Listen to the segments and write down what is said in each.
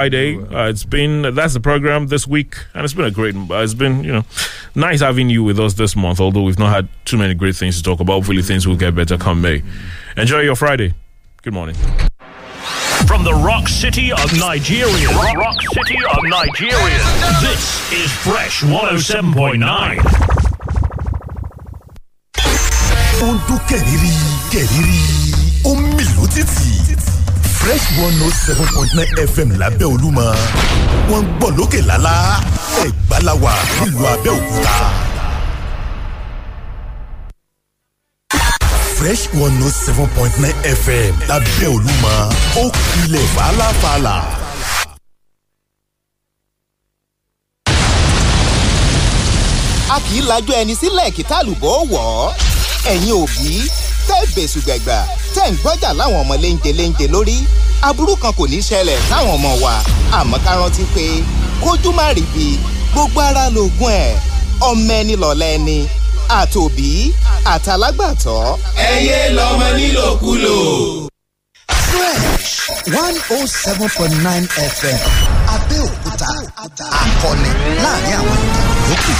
Friday. Uh, it's been that's the program this week, and it's been a great. Uh, it's been you know nice having you with us this month. Although we've not had too many great things to talk about. Hopefully things will get better come May. Enjoy your Friday. Good morning. From the rock city of Nigeria, rock, rock city of Nigeria. This is Fresh 107.9. ó ń dún kẹ̀rìírí kẹ̀rìírí ó mìlú títì fresh one note oh seven point nine fm lábẹ́ olúmọ wọ́n ń gbọ́ lókè lálá ẹ̀gbá la wà nílùú abẹ́òkúta. fresh one note oh seven point nine fm lábẹ́ olúmọ ó kilẹ̀ fàlàfàlà. a kì í lajọ ẹni sílẹ̀ kí tálùbọ̀ wọ̀ ọ́ ẹ̀yin òbí tẹ́ bẹ̀sùgbẹ̀gbà tẹ̀ ń gbọ́jà láwọn ọmọ léńjẹ léńjẹ lórí aburú kan kò ní ṣẹlẹ̀ láwọn ọmọ wa àmọ́ ká rántí pé kójú má rí bi gbogbo ara lògùn ẹ̀ ọmọ ẹni lọ̀lá ẹni àtòbí àtàlágbàtọ́. ẹ yé lọmọ nílòkulò. fresh one oh seven point nine fm abẹ́òkúta akọni láàrin àwọn ìtàn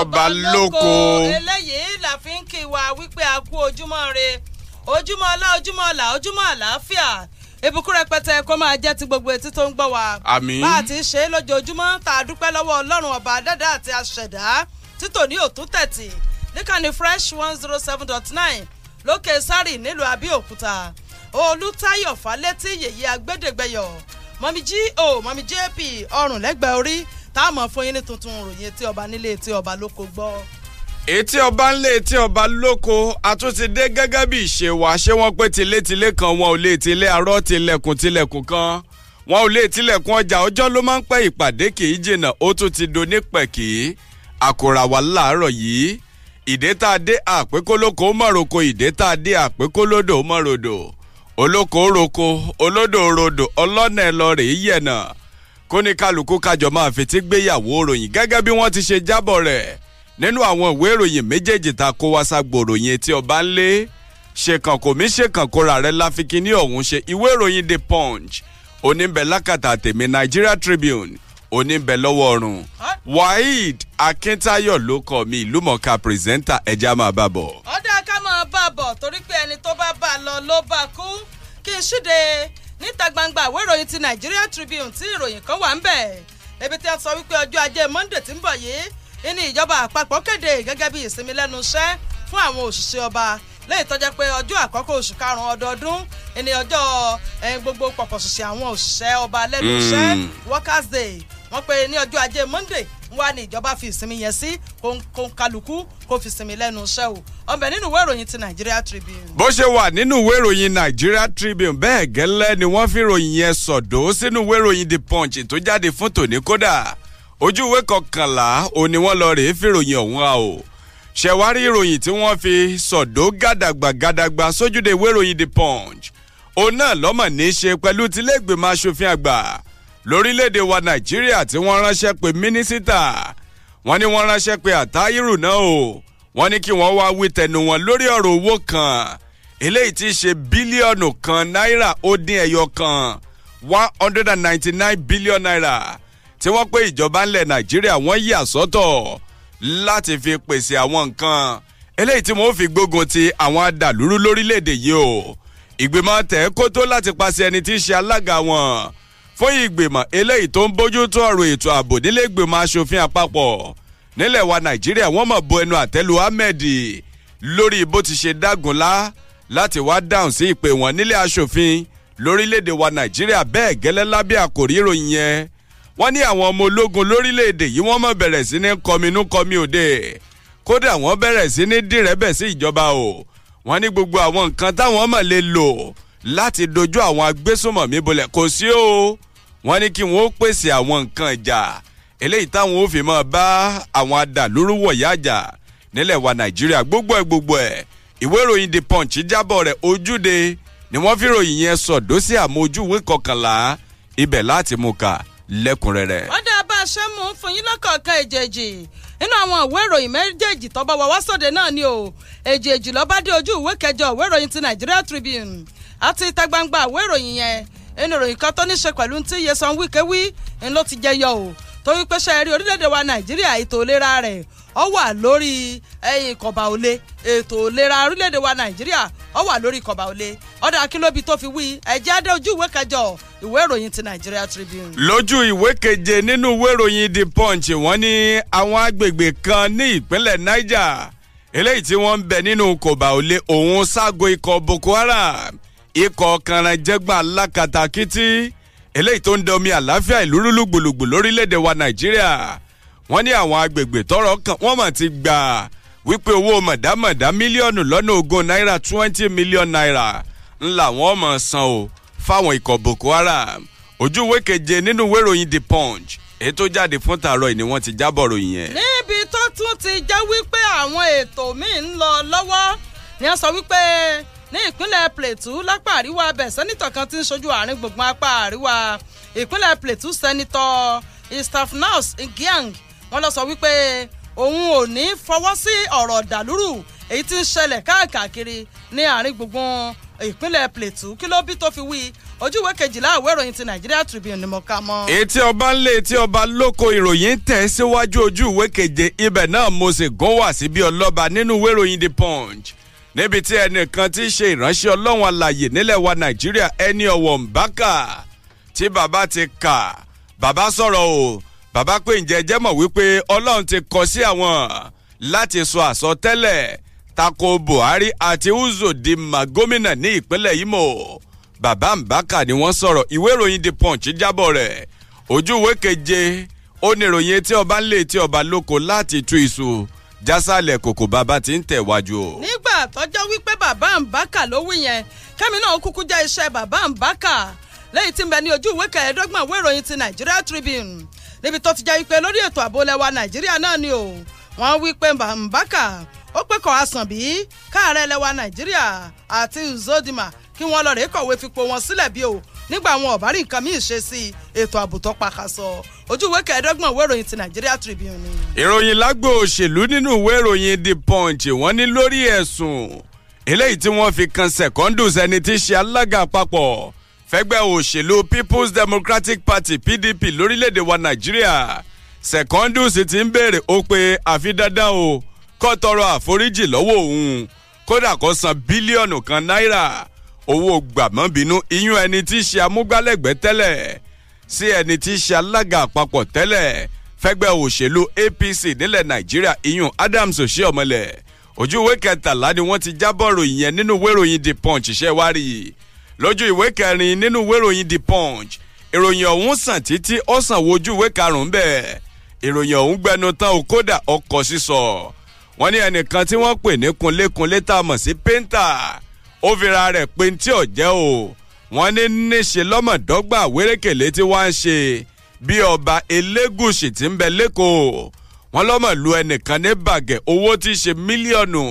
ọba lóko. eléyìí la fi ń kí wa wípé a kú ojúmọ́ re ojúmọ́ ọlá ojúmọ́ ọlà ojúmọ́ àlàáfíà ìbùkún rẹpẹtẹ kó máa jẹ́ ti gbogbo etí tó ń gbọ́ wa. àmín bá a ti ṣe é lójoojúmọ́ tá a dúpẹ́ lọ́wọ́ ọba dáadáa àti àṣẹ̀dá títò ní òtún tẹ̀tì níkànnì fresh one zero oh seven dot nine lókè sárì nílùú àbíòkúta olùtayọ̀ falétí yèyí agbẹ́dẹ́gbẹ́yọ̀ mọ̀mí g o mọ̀mí jp ọrùn lẹ́gbẹ̀ẹ́ orí táàmù fún yín ní tuntun ròyìn etí ọba nílé etí ọba lóko gbọ́. etí ọba ńlé etí ọba lóko àtúntì dé gẹ́gẹ́ bí ìṣe wa ṣé wọ́n pé tilétilé kan wọn ò lè tilé arọ́ tilẹ̀kùn tilẹ̀kùn kan wọn ò lè tilẹ̀kùn ọjà ọjọ́ ló máa ń pẹ́ ìpàdé kì í jìnnà ó tún ti do nípẹ̀kì àkòrà wà láàárọ̀ yìí ìdè tá a dé àpékólókò mọ̀rọ̀kọ ìdè tá a dé àpékólódò mọ̀rọ̀dò olóko roko olódò rodò ọlọ́nà ẹlọ́rẹ̀ yẹ̀nà kó ní kálukú kájọ máa fetí gbéyàwó ròyìn gẹ́gẹ́ bí wọ́n ti ṣe jábọ̀ rẹ̀ nínú àwọn ìwé ìròyìn méjèèjì ta kó wá ságbó ròyìn etí ọba ńlẹ̀ ṣèkàn kò mí ṣèkàn kóra rẹ̀ láfikín ní ọ̀hún ṣe ìwé ìròyìn the punch oníbẹ̀ lákàtà tèmi Nigeria Tribune oníbẹ̀ lọ́wọ́ ọ̀run Waheed Akíntayọ̀ ló kọ mi ìlúmọ̀ọ́ká pírẹsẹ́ńtà ẹja máa bá bọ̀. ọ̀dà ká máa bá bọ̀ torí pé ẹni tó bá bá lọ ló bá kú kí n ṣíde níta gbangba àwọn ìròyìn ti Nigeria Tribune tí ìròyìn kan wà ń bẹ̀ ebi tí a sọ wípé ọjọ́ ajé Monday tí ń bọ̀ yìí ní ìjọba àpapọ̀ kéde gẹ́gẹ́ bí ìsinmi lẹ́nu iṣẹ́ fún àwọn òṣìṣẹ́ ọba lẹ́yìn tó jẹ́ pé ọjọ́ àkọ́kọ́ oṣù karùn-ún ọdọọdún ní ọjọ́ gbogbo pọ̀pọ̀ ṣìṣẹ́ àwọn òṣìṣẹ́ ọba lẹ́nu iṣẹ́ hmm. workers day wọ́n pe ní ọjọ́ ajé Monday wá ní ìjọba fi ìsinmi yẹn sí kónkálukú kó fi sinmi lẹ́nu iṣẹ́ o ọbẹ̀ nínú ìwé ìròyìn ti Nigeria Tribune. bó ṣe wà nínú ìwé ìròyìn Nigeria Tribune bẹ́ẹ̀ gẹ́lẹ́ ni wọ́n fi ìròyìn yẹn sọ̀dọ̀ sínú ìwé ìròyìn The Punch tó jáde fún tòní kódà ojú ìwé kọkànlá òun ni wọ́n lọ rèé fi ìròyìn ọ̀hún ra o ṣẹ̀wárí ìròyìn tí wọ́n fi sọ̀dọ̀ gàdàgbà gàdàgbà sójúde ìwé ìròyìn The Punch òun náà lọ́mọ̀ ní í ṣe pẹ̀lú tilé ìgbìmọ̀ àgbà lórílẹ̀‐èdè wa nàìjíríà tí wọ́n ránṣẹ́ pé mínísítà wọ́n ní wọ́n ránṣẹ́ pé àtàírù náà o wọ́n ní kí wọ́n wá wí tẹnu wọn lórí ọ̀rọ̀ owó kan eléyìí tí í ṣe bílíọ̀nù kan náírà ó dín ẹyọ kan one hundred and ninety nine billion naira tí wọ́n pé ìjọba ńlẹ̀ nàìjíríà wọ́n yà sọ́tọ̀ láti fi pèsè àwọn nǹkan eléyìí tí wọ́n fi gbógun ti àwọn adàlúrú lórílẹ̀‐èdè yìí o ìgbìmọ̀ tẹ̀ kótó láti paṣẹ ẹni tí í ṣe alága wọn fún ìgbìmọ̀ eléyìí tó ń bójú tó ọ̀rọ̀ ètò ààbò nílé ìgbìmọ̀ asòfin àpapọ̀ nílẹ̀ wa nàìjíríà wọ́n mọ̀ bo ẹnu àtẹ́lu ahmed lórí bó ti ṣe dágunlá láti wá dáhùn sí ìpè wọn nílé asòfin lórílẹ̀‐èdè wa nàìjíríà bẹ́ẹ̀ gẹ́lẹ́ lábẹ́ àkòrí ìròyìn yẹn wọ́n ní àwọn ọmọ ológun lórílẹ̀‐èdè yìí wọ́n mọ̀ bẹ̀rẹ̀ sí ní kọminú kọmi òde kódà wọ́n bẹ̀rẹ̀ sí ní dìrẹ́bẹ̀ sí ìjọba o wọ́n ní gbogbo àwọn nǹkan táwọn mọ̀ lè lò láti dojú àwọn agbésùnmọ̀mí bolẹ̀ kò sí o wọ́n ní kí wọ́n ó pèsè àwọn nǹkan ìjà eléyìí táwọn ó fi máa bá àwọn adàlúrú wọ̀yá nílẹ̀ wa nàìjíríà gbogbo ẹ̀ gbogbo ẹ̀ ìwé ìròyìn the punch jábọ̀ rẹ̀ ojúde ni wọ́n fi ròyìn yẹn sọ̀dọ́ sí àmọ́ ojúwe kọkànlá ibẹ̀ láti mú ka lẹ́kùnrẹ́rẹ́. ó dá bá a ṣe mú fún yín lọ́kọ̀ọ̀kan èjèèjì nínú àwọn ìwé ìròyìn méjèèjì tó bá wà wá sóde náà ni o èjèèjì ló bá dé ojú ìwé kẹjọ ìwé ìròyìn ti Nigeria Tribune àti ìta gbangba ìwé ìròyìn yẹn ẹni ìròyìn kan tó ní ṣe pẹ̀lú tí Nyesom Wike wí ń ló ti jẹyọ o torí pé ṣe rí orílẹ̀-èdè wa Nàìjíríà ètò ìlera rẹ̀ ọ wà lórí ẹyin ìkọ̀bà òle ètò ìlera orílẹ̀-èdè wa Nàìjíríà ọ wà lórí ìkọ̀bà òle ọ̀dà kílóbi tó fi wí ẹ̀jẹ̀ adé ojú ìwé kẹjọ ìwé ìròyìn ti Nigeria Tribune. lójú ìwé keje nínú ìwé ìròyìn The Punch wọ́n ní àwọn agbègbè kan ní ìpínlẹ̀ Niger eléyìí tí wọ́n ń bẹ nínú kọ̀bà òle òun ságo ikọ̀ Boko Haram ikọ̀ kànrànjẹ́gbà alákatakítí eléyìí tó ń da omi àlàáfíà ìlú rúlú gbòlògbò lórílẹ̀‐èdè wa nàìjíríà wọ́n ní àwọn agbègbè tọ́rọ̀ kàn wọ́n mà ti gbà wípé owó mọ̀dámọ̀dá mílíọ̀nù lọ́nà ogún náírà twenty million naira ńlá wọn mọ̀ san o fáwọn ikọ̀ boko haram ojú ìwé keje nínú ìwé ìròyìn the punch èyí tó jáde fún tààrọ yìí ni wọ́n ti jábọ̀ ròyìn yẹn. níbi tó tún ti jẹ́ wípé àwọn ètò míì ń lọ lọ́wọ́ ni wọ́n sọ wípé ní ìpínlẹ̀ Plateau lápá àríwá abẹ́ sẹ́nitọ̀ kan ti ń ṣojú àárín gbùngbùn apá àríwá ìpínlẹ̀ Plateau sẹ́nitọ̀ Stephanos Ngyang wọ́n lọ sọ wípé òun ò ní fọwọ́ sí ọ̀rọ̀ dàlúrù èyí tí ń ṣẹlẹ̀ káàkiri ní àárín gbùngbùn ìpínlẹ̀ Plateau kí ló bí tó fi wí ojúwe kejìlá àwẹ̀ ìròyìn ti Nigeria Tribune ni mo kà mọ́. etí ọba ń lé etí ọba lóko ìròyìn tẹ̀ síwájú ojú ìwé keje ibẹ̀ náà mo sì gún wá sí bí ọlọ́ba nínú ìròyìn The Punch níbi tí ẹnìkan ti ṣe ìránṣẹ́ ọlọ́run alàyè nílẹ̀ wa nàìjíríà ẹni ọ̀wọ̀ mbàkà tí bàbá ti kà bàbá sọ̀rọ̀ o bàbá pé ǹjẹ́ jẹ́ mọ̀ wípé ọlọ́run ti kọ sí àwọn láti sọ àsọtẹ́lẹ̀ tako buhari àti uzo di ma gómìnà ní ìpínlẹ̀ imo bàbá mbàkà ni wọ́n sọ̀rọ̀ ìwé ìròyìn the punch jábọ̀ rẹ̀ ojú ìwé keje ó ní ìròyìn etí ọba ńlẹ̀ etí ọba lóko láti tú iṣu jásàlẹ̀ kòkò bàbá ti ń tẹ̀wájú o. nígbà tọ́jọ́ wípé bàbá Mbaka ló wí yẹn kẹ́mi náà kúkú jẹ́ iṣẹ́ bàbá Mbaka lẹ́yìn tí ń bẹ ní ojú ìwé kẹẹ̀ẹ́dọ́gbọ̀n ìwé ìròyìn ti Nigeria Tribune níbi tó ti jẹ́ wípé lórí ètò ààbò lẹ́wà Nàìjíríà náà ni o wọ́n wí pé Mbaka ó pé kọ́ Àṣàbí káàárẹ̀ lẹ́wà Nàìjíríà àti Uzodinma kí wọ́n lọ rèé kọ̀wé fipò wọn sílẹ̀ bí o nígbà àwọn ọ̀bárí nǹkan míì ṣe sí ètò ààbò tó pakasọ ojú ìwé kẹẹ̀ẹ́dọ́gbọ̀n ìwé ìròyìn ti Nigeria Tribune ni. ìròyìn lágbo òṣèlú nínú ìwé ìròyìn The Punch wọ́n ní lórí ẹ̀sùn eléyìí tí wọ́n fi kan Secondus ẹni tí í ṣe alága àpapọ̀ fẹ́gbẹ́ òṣèlú People's Democratic Party PDP lórílẹ̀‐èdè wa Nàìjíríà Secondus ti ń béèrè ó pé àfi dandan o kó tọrọ àforíjì lọ́wọ́ òun kódà kó san bílíọ̀nù kan náírà owó gbàmọ́bínú iyún ẹni tí í ṣe amúgbálẹ́gbẹ̀ẹ́ tẹ́lẹ̀ sí ẹni tí í ṣe alága àpapọ̀ tẹ́lẹ̀ fẹ́gbẹ́ òṣèlú APC nílẹ̀ Nàìjíríà iyún Adams Oshiomhole ojú ìwé kẹtàlá ni wọ́n ti jábọ̀ ròyìn yẹn nínú ìwé ìròyìn The Punch ṣe wá rí i lójú ìwé kẹrin nínú ìwé ìròyìn The Punch ìròyìn ọ̀hún sàn títí ó sàn wo ojú ìwé karùn-ún bẹ́ẹ̀ ìròyìn ọ̀hún gbẹnu tán o kódà ọkọ̀ sísọ wọ́n ní ẹnìkan tí wọ́n pè ní kunlékunlé tá a mọ̀ sí pẹ́ńtà ó fira rẹ̀ pé tí ò jẹ́ o wọ́n ní níṣe lọ́mọ̀dọ́gba wérékèlé tí wọ́n ń ṣe bí ọba elégùsì tí ń bẹ lẹ́kọ̀ọ́ wọ́n lọ́mọ̀ lu ẹnìkan ní bàgẹ́ owó tí í ṣe mílíọ̀nù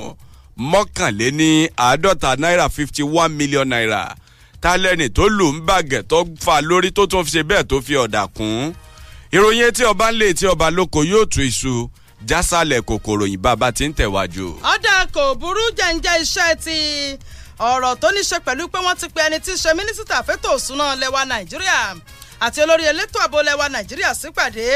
mọ́kànléní àádọ́ta náírà fifty one million naira tálẹ́nì tó lù ń bàgẹ́ tó fa lórí tó tún ṣe bẹ́ẹ̀ tó fi ọ̀dà kún ìròyìn etí ọba ńlẹ̀ etí ọba lóko yóò tú iṣu jásálẹ̀ kòkòrò yìí bàbá tí ń tẹ̀wájú. ọ̀dà kò burú jẹ́ǹjẹ́ iṣẹ́ ti ọ̀rọ̀ tó ní ṣe pẹ̀lú pé wọ́n ti pe ẹni tí í ṣe mínísítà fẹ́tò òsúná lẹwa nàìjíríà àti olórí elétò ààbò lẹwa nàìjíríà sípàdé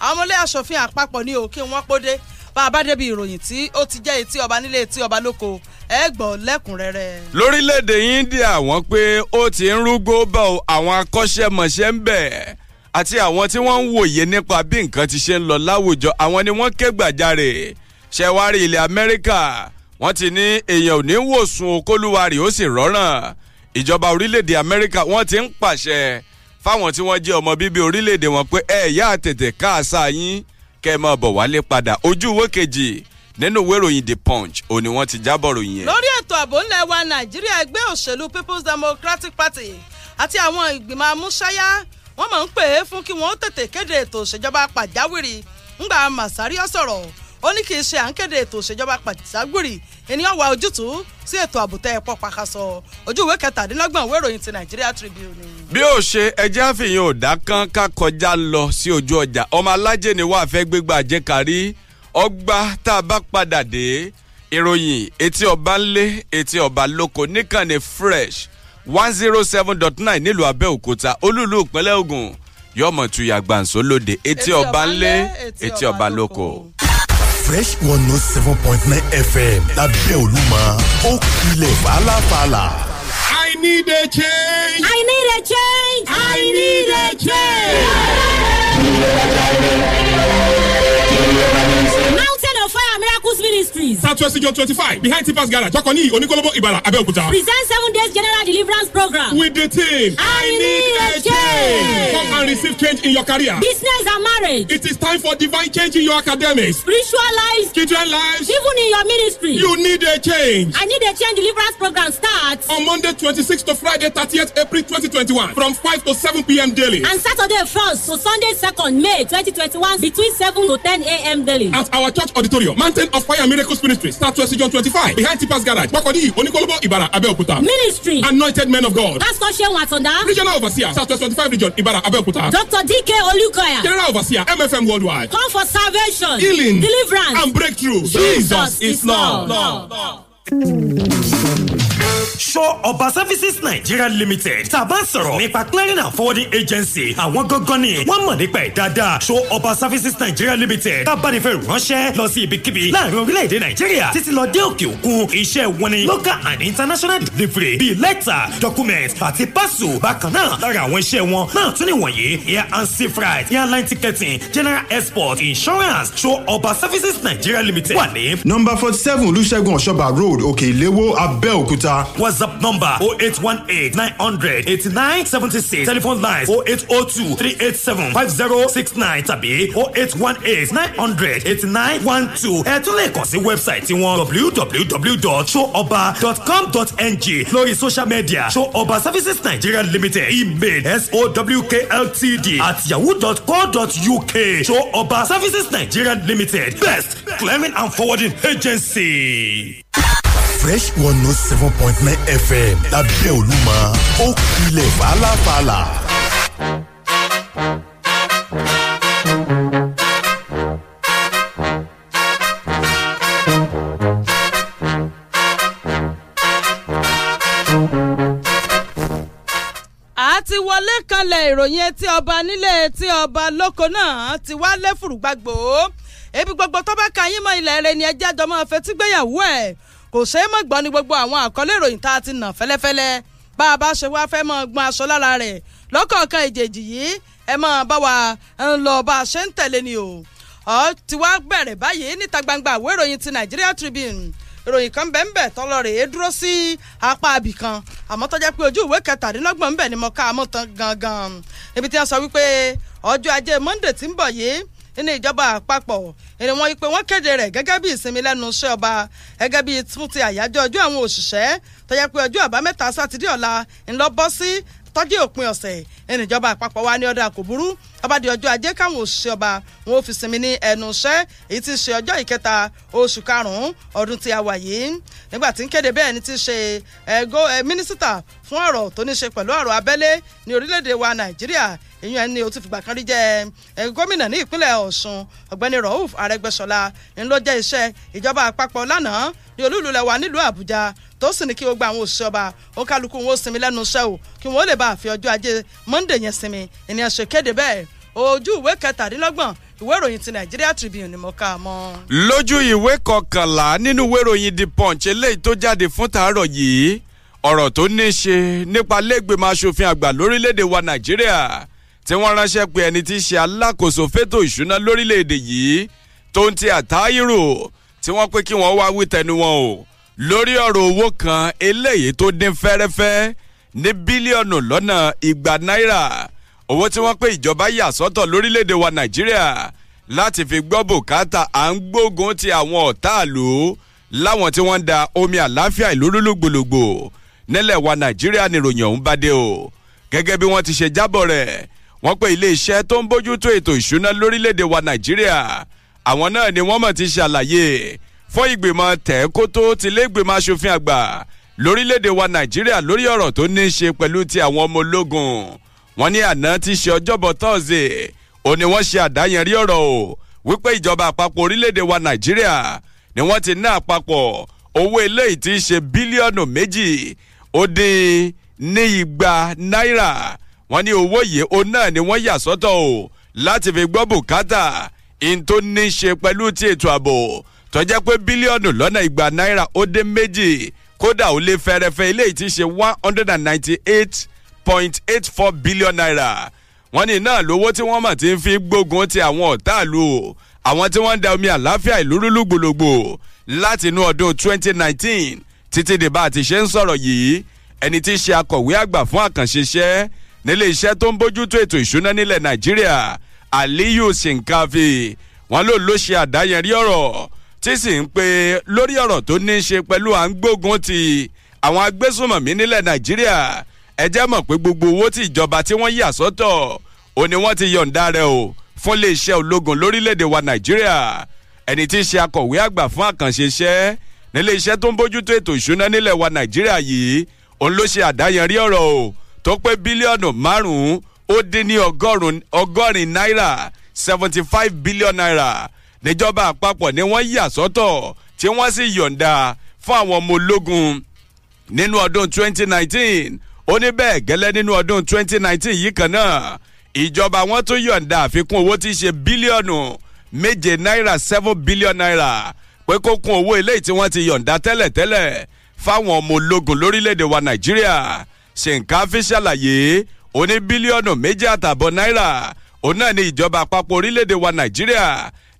àwọn ọmọlé asòfin àpapọ̀ ní òkè wọn pódé bá a bá débi ìròyìn tí ó ti jẹ́ etí ọba nílé etí ọba lóko ẹ gbọ́ lẹ́kùnrẹ́rẹ́. lórílẹ̀‐èdè india wọ́n pé ó ti ń rúgbó bá àwọn akọ́ṣẹ́mọṣẹ́ ń bẹ̀ àti àwọn tí wọ́n ń wòye nípa bí nǹkan ti ṣe ń lọ láwùjọ àwọn ni wọ́n ké gbàjarè ṣẹ̀wárí ilẹ̀ amẹ́ríkà wọ́n ti ní èèyàn ò ní wòsùn okólúwarì ó sì rọ́ràn ìjọba orílẹ̀-èdè amẹ́ríkà wọ́n ti ń pàṣẹ fáwọn tí wọ́n jẹ́ ọmọ bíbí orílẹ̀-èdè wọn pé ẹ yá tètè káàsá yín kẹ́ ẹ máa bọ̀ wálé padà ojú ìwé kejì nínú ìwé ìròyìn the punch ò ní ti jábọ̀ ròyìn ẹ̀. lórí ètò ààbò ńlẹ̀ wa nàìjíríà ẹgbẹ́ òṣèlú people's democratic party àti àwọn ìgbìmọ̀ amúṣáyá wọ́n máa ń pè é fún kí wọ́n tètè kéde ètò òṣèjọba pàjáwìrì ńgbà màsáríọ́ sọ̀rọ̀ ó ní kì í ṣe à ń kéde ètò ìṣèjọba pàjáwìrì ènìyàn wá ojútùú sí ètò àbùtẹ ẹ̀pọ̀ pàkàṣọ ojú ìwé kẹtàdínlọ́gbọ̀n ìròyìn ti Nigeria Tribune. bí ó ṣe ẹjẹ́ àfihàn òdá kan ká lọ sí ojú ọjà ọmọ alájẹ ni wàá fẹ́ gbégbá àjẹkárí ọgbà tá a bá padà dé ìròyìn etí ọba ńlé etí ọba lóko níkànnì fresh one zero oh seven dot nine nílùú abẹ́òkúta olúùlú ìpínlẹ̀ Ògùn yọmọ tuya gbàǹsó lóde etí ọba ńlé etí ọba lóko fresh one note oh seven point nine fm lábẹ́ olúmọ ó kulẹ̀ fàlàfàlà. I need a change. I need a change. I need a change. Mountain of Fire Miracles Ministries. Saturday, Sijọ twenty-five behind Tipas Garage, Jokoni, Onikolobo, Ibara, Abeokuta. Present seven days general deliverance program. With the team. I need and receive change in your career. Business and marriage. It is time for divine change in your academics. Spiritual lives. Children lives. Even in your ministry. You need a change. I need a change deliverance program starts. On Monday 26th to Friday 30th April 2021 from 5 to 7 p.m. daily. And Saturday first to Sunday 2nd May 2021 between 7 to 10 a.m. daily. At our church auditorium Mountain of Fire Miracles Ministry start 12 John 25 behind Tipas Garage Bakodi Onikolobo Ibara Abeokuta. Ministry. Anointed men of God. Pastor Shewan Atonda. Regional overseer Southwest 25 region Ibara Abeokuta. Abeokuta. Dr. DK Olukoya. General Overseer MFM Worldwide. Come for salvation, healing, deliverance, and breakthrough. Jesus, Jesus is Lord. Lord. Lord. Lord. Shaw Ọba Services Nigeria Limited tá a bá sọ̀rọ̀ nípa clearing and forwarding agency àwọn gangan ni wọ́n mọ̀ nípa ẹ̀ dáadáa Shaw Ọba Services Nigeria Limited tá a bá ní fẹ́ ránṣẹ́ lọ sí ibikíbi láàrin orílẹ̀-èdè Nàìjíríà títí lọ dé òkè òkun iṣẹ́ wọn ni local and international delivery bíi lẹ́tà document àti parcel bákan náà lára àwọn iṣẹ́ wọn náà tún níwọ̀nyí air and sea freight airline ticketing general export insurance Shaw Ọba Services Nigeria Limited wà ní. Number forty seven olùṣègùn ọ̀ṣọ́bà road òkè ìléwó abẹ́òkúta WhatsApp number 0818 900 8976. Telephone lines 0802 387 5069 tàbí 0818 900 8912. Ẹ tún lè kàn sí wẹ́bsáìtì wọn www.showoba.com.ng lórí social media Showoba Services Nigeria Limited email sowkltd at yahoo.co.uk Showoba Services Nigeria Limited best clearing and forwarding agency fresh one note oh seven point nine fm lábẹ́ olúmọ ó kulẹ̀ fàlàfàlà. àti wọlé kanlẹ̀ ìròyìn etí ọba nílé etí ọba lóko náà ti wá lẹ́fùrú gbàgbó ebi gbogbo tó bá ka yín mọ ilẹ̀ rẹ ni ẹjẹ́ àjọmọ́ fetí gbéyàwó ẹ̀ kò ṣeé mọ̀ gbọ́ ní gbogbo àwọn àkọlé ìròyìn tá a ti nà fẹ́lẹ́fẹ́lẹ́ bá a bá ṣe wá fẹ́ mọ́ gbọ́n aṣọ lára rẹ̀ lọ́kọ̀ọ̀kan ìjèjì yìí ẹ máa bá wa ń lọ bá a ṣe ń tẹ̀lé ni o ọ ti wá bẹ̀rẹ̀ báyìí níta gbangba àwọn ìròyìn ti Nigeria Tribune ìròyìn kan bẹ́ẹ̀ ń bẹ̀ tọ́lọ rèé dúró sí apá abì kan àmọ́ tọ́jà pé ojú ìwé kẹtàdínlọ́gbọ̀n ń bẹ̀ ni mo ká àmọ́ tán gangan ibi tí wọ́n sọ wípé ọjọ́ ajé Monday ti ń bọ̀ yìí nínú ìjọba àpapọ̀ èrè wọn yìí pé wọ́n kéde rẹ̀ gẹ́gẹ́ bí ìsinmi lẹ́nu iṣẹ́ ọba gẹ́gẹ́ bí fún ti àyájọ́ ọjọ́ àwọn òṣìṣẹ́ tó yẹ pé ọjọ́ àbámẹ́ta sátidé ọ̀la ńlọ bọ́ sí tọ́jú òpin ọ̀sẹ̀ ẹnìjọba àpapọ̀ wa ní ọ̀dà kò burú ọba di ọjọ́ ajé káwọn òṣìṣẹ́ ọba wọn ò fi sinmi ní ẹnu iṣẹ́ èyí tí í ṣe ọjọ́ ìkẹta oṣù karùn-ún ọdún tí a wà yìí nígbà tí ń kéde bẹ́ẹ̀ ni ti ṣe mínísítà fún ọ̀rọ̀ tó ní ṣe pẹ̀lú ọ̀rọ̀ abẹ́lé ní orílẹ̀-èdè wa nàìjíríà èyí ẹni o ti fìgbà kan rí jẹ gómìnà ní ìpínlẹ̀ ọ̀ṣun ọ̀gbẹ́ni rauf arẹ́gbẹ́ṣọlá ń ló jẹ́ iṣẹ́ ìjọba àpapọ̀ lánàá ní olúùlú lẹ̀ nílùú àbújá tó sì ní kí gbogbo àwọn òṣìṣẹ́ ọba ó kálukú wọn ó sinmi lẹ́nu iṣẹ́ o kí wọ́n lè bá àfi ọjọ́ ajé Monday yẹn sinmi ènìyàn ṣe kéde bẹ́ẹ̀ ojú ìwé kẹtàdínlọ́gbọ̀n ìwé ìròyìn ti Nigeria Tribune ni mo kà á mọ́. lójú ìwé kọkànlá nínú ìwé ìròyìn The Punch eléyìí tó jáde fún tàárọ̀ yìí ọ̀rọ̀ tó ní í ṣe nípa lẹ́gbẹ̀mọ aṣòfin àgbà lórílẹ̀ wa Nàìjíríà tí wọ́n ránṣẹ́ pé ẹni tí í ṣe alákòóso fétò ìṣúná lórílẹ̀‐èdè yìí tó ń ti àtàírò tí wọ́n pé kí wọ́n wá wí tẹnu wọn o lórí ọ̀rọ̀ owó kan eléyìí tó dín fẹ́rẹ́fẹ́ ní bílíọ̀nù lọ́nà igba náírà owó tí wọ́n pé ìjọba yà sọ́tọ̀ lórílẹ̀‐èdè wa nàìjíríà láti fi gbọ́ bùkátà à ń gbógun ti àwọn ọ̀tá àlò láwọn tí wọ́n ń da omi àláfíà ìlú lúlúgbòlògbò nílẹ̀ wa nàìjíríà níròyìn ọ̀hún bá dé o gẹ́gẹ́ bí wọ́n ti ṣe jábọ̀ rẹ̀ wọ́n pé iléeṣẹ́ tó ń bójútó ètò ìṣúná lórílẹ̀‐èdè wa nàìjíríà àwọn náà ni wọ́n mọ̀ ti ṣàlàyé fọ́ ìgbìmọ̀ tẹ̀ẹ́kótó tilégbìmọ̀ asòfin àgbà lórílẹ̀‐èdè wa nàìjíríà lórí ọ̀rọ̀ tó ní í ṣe pẹ̀lú ti àwọn ọmọ ológun wọn ní àná ti ṣe ọjọ́bọ̀ tọ́sídẹ̀ẹ́ ó ní wọ́n ṣe àdáyẹnrí ọ̀rọ̀ o wípé ìjọba àpapọ̀ orílẹ̀‐èdè wa nàìjíríà ni wọ́n ti ná àpapọ̀ owó eléyìí ti ṣe bílíọ̀nù méjì ó dín ní igba náírà wọn ní owó yìí ó náà ni wọ́n yà sọ́tọ̀ o láti fi gbọ́ bùkátà in pẹ̀lú ti ètò ààbò tó jẹ́ pé bílíọ̀nù lọ́nà igba náírà ó dé méjì kódà ó lé fẹ́rẹ́fẹ́ ilé yìí ti ṣe one hundred and ninety eight point eight four billion naira wọ́n ní náà lówó tí wọ́n mọ̀ ti ń fi gbógun ti àwọn ọ̀táàlú o àwọn tí wọ́n ń da omi àláfíà ìlú rúlú gbòlògbò láti inú ọdún 2019 títí dìbà àti ṣe ń sọ̀rọ̀ yìí ẹni tí í ṣe akọ̀wé àgbà fún àkànṣe iṣẹ́ nílé iṣẹ́ tó ń bójútó ètò ìṣúná nílẹ̀ nàìjíríà aliyu shinkafi wọ́n ló ló ṣe àdáyẹnrí ọ̀rọ̀ tí sì ń pe lórí ọ̀rọ̀ tó ní í ṣe pẹ̀lú à ń gbógun ti àwọn agbésùnmọ̀mí nílẹ̀ nàìjíríà ẹ jẹ́ mọ̀ pé gbogbo owó tí ìjọba tí wọ́n yà sọ́tọ̀ ò ní wọ́n ti yọ̀ǹda rẹ̀ o fún iléeṣẹ́ ológun lórílẹ̀‐èdè wa nàìjíríà ẹni tí í ṣe akọ̀wé àgbà fún àkànṣe iṣẹ́ nílé iṣẹ́ tó ń bójútó ètò ìṣúná nílẹ̀ wa nàìjíríà yìí òun ló ṣe àdáyanrí ọ̀rọ̀ o tó pé bílíọ̀nù márùn-ún ó dín ní ọgọ́rin náírà seventy five billion naira níjọba àpapọ̀ ni wọ́n yà sọ́tọ̀ tí wọ́n sì yọ̀ǹda fún àwọn ọmọ ológun nínú ọdún 2019 ó ní bẹ́ẹ̀ gẹ́lẹ́ nínú ọdún 2019 yìí kan náà ìjọba wọn tún yọ̀ǹda àfikún owó tí í ṣe bílíọ̀nù méje náírà seven billion naira pé kó kún owó eléyìí tí wọ́n ti yọ̀ǹda tẹ́lẹ̀tẹ́lẹ̀ fáwọn ọmọ ológun lórílẹ̀‐èdè wa nàìjíríà ṣèǹkàfí ṣàlàyé ó ní bílíọ̀nù méjì àtààbọ̀ náírà òun náà ni ìjọba àpapọ̀ orílẹ̀‐èdè wa nàìjíríà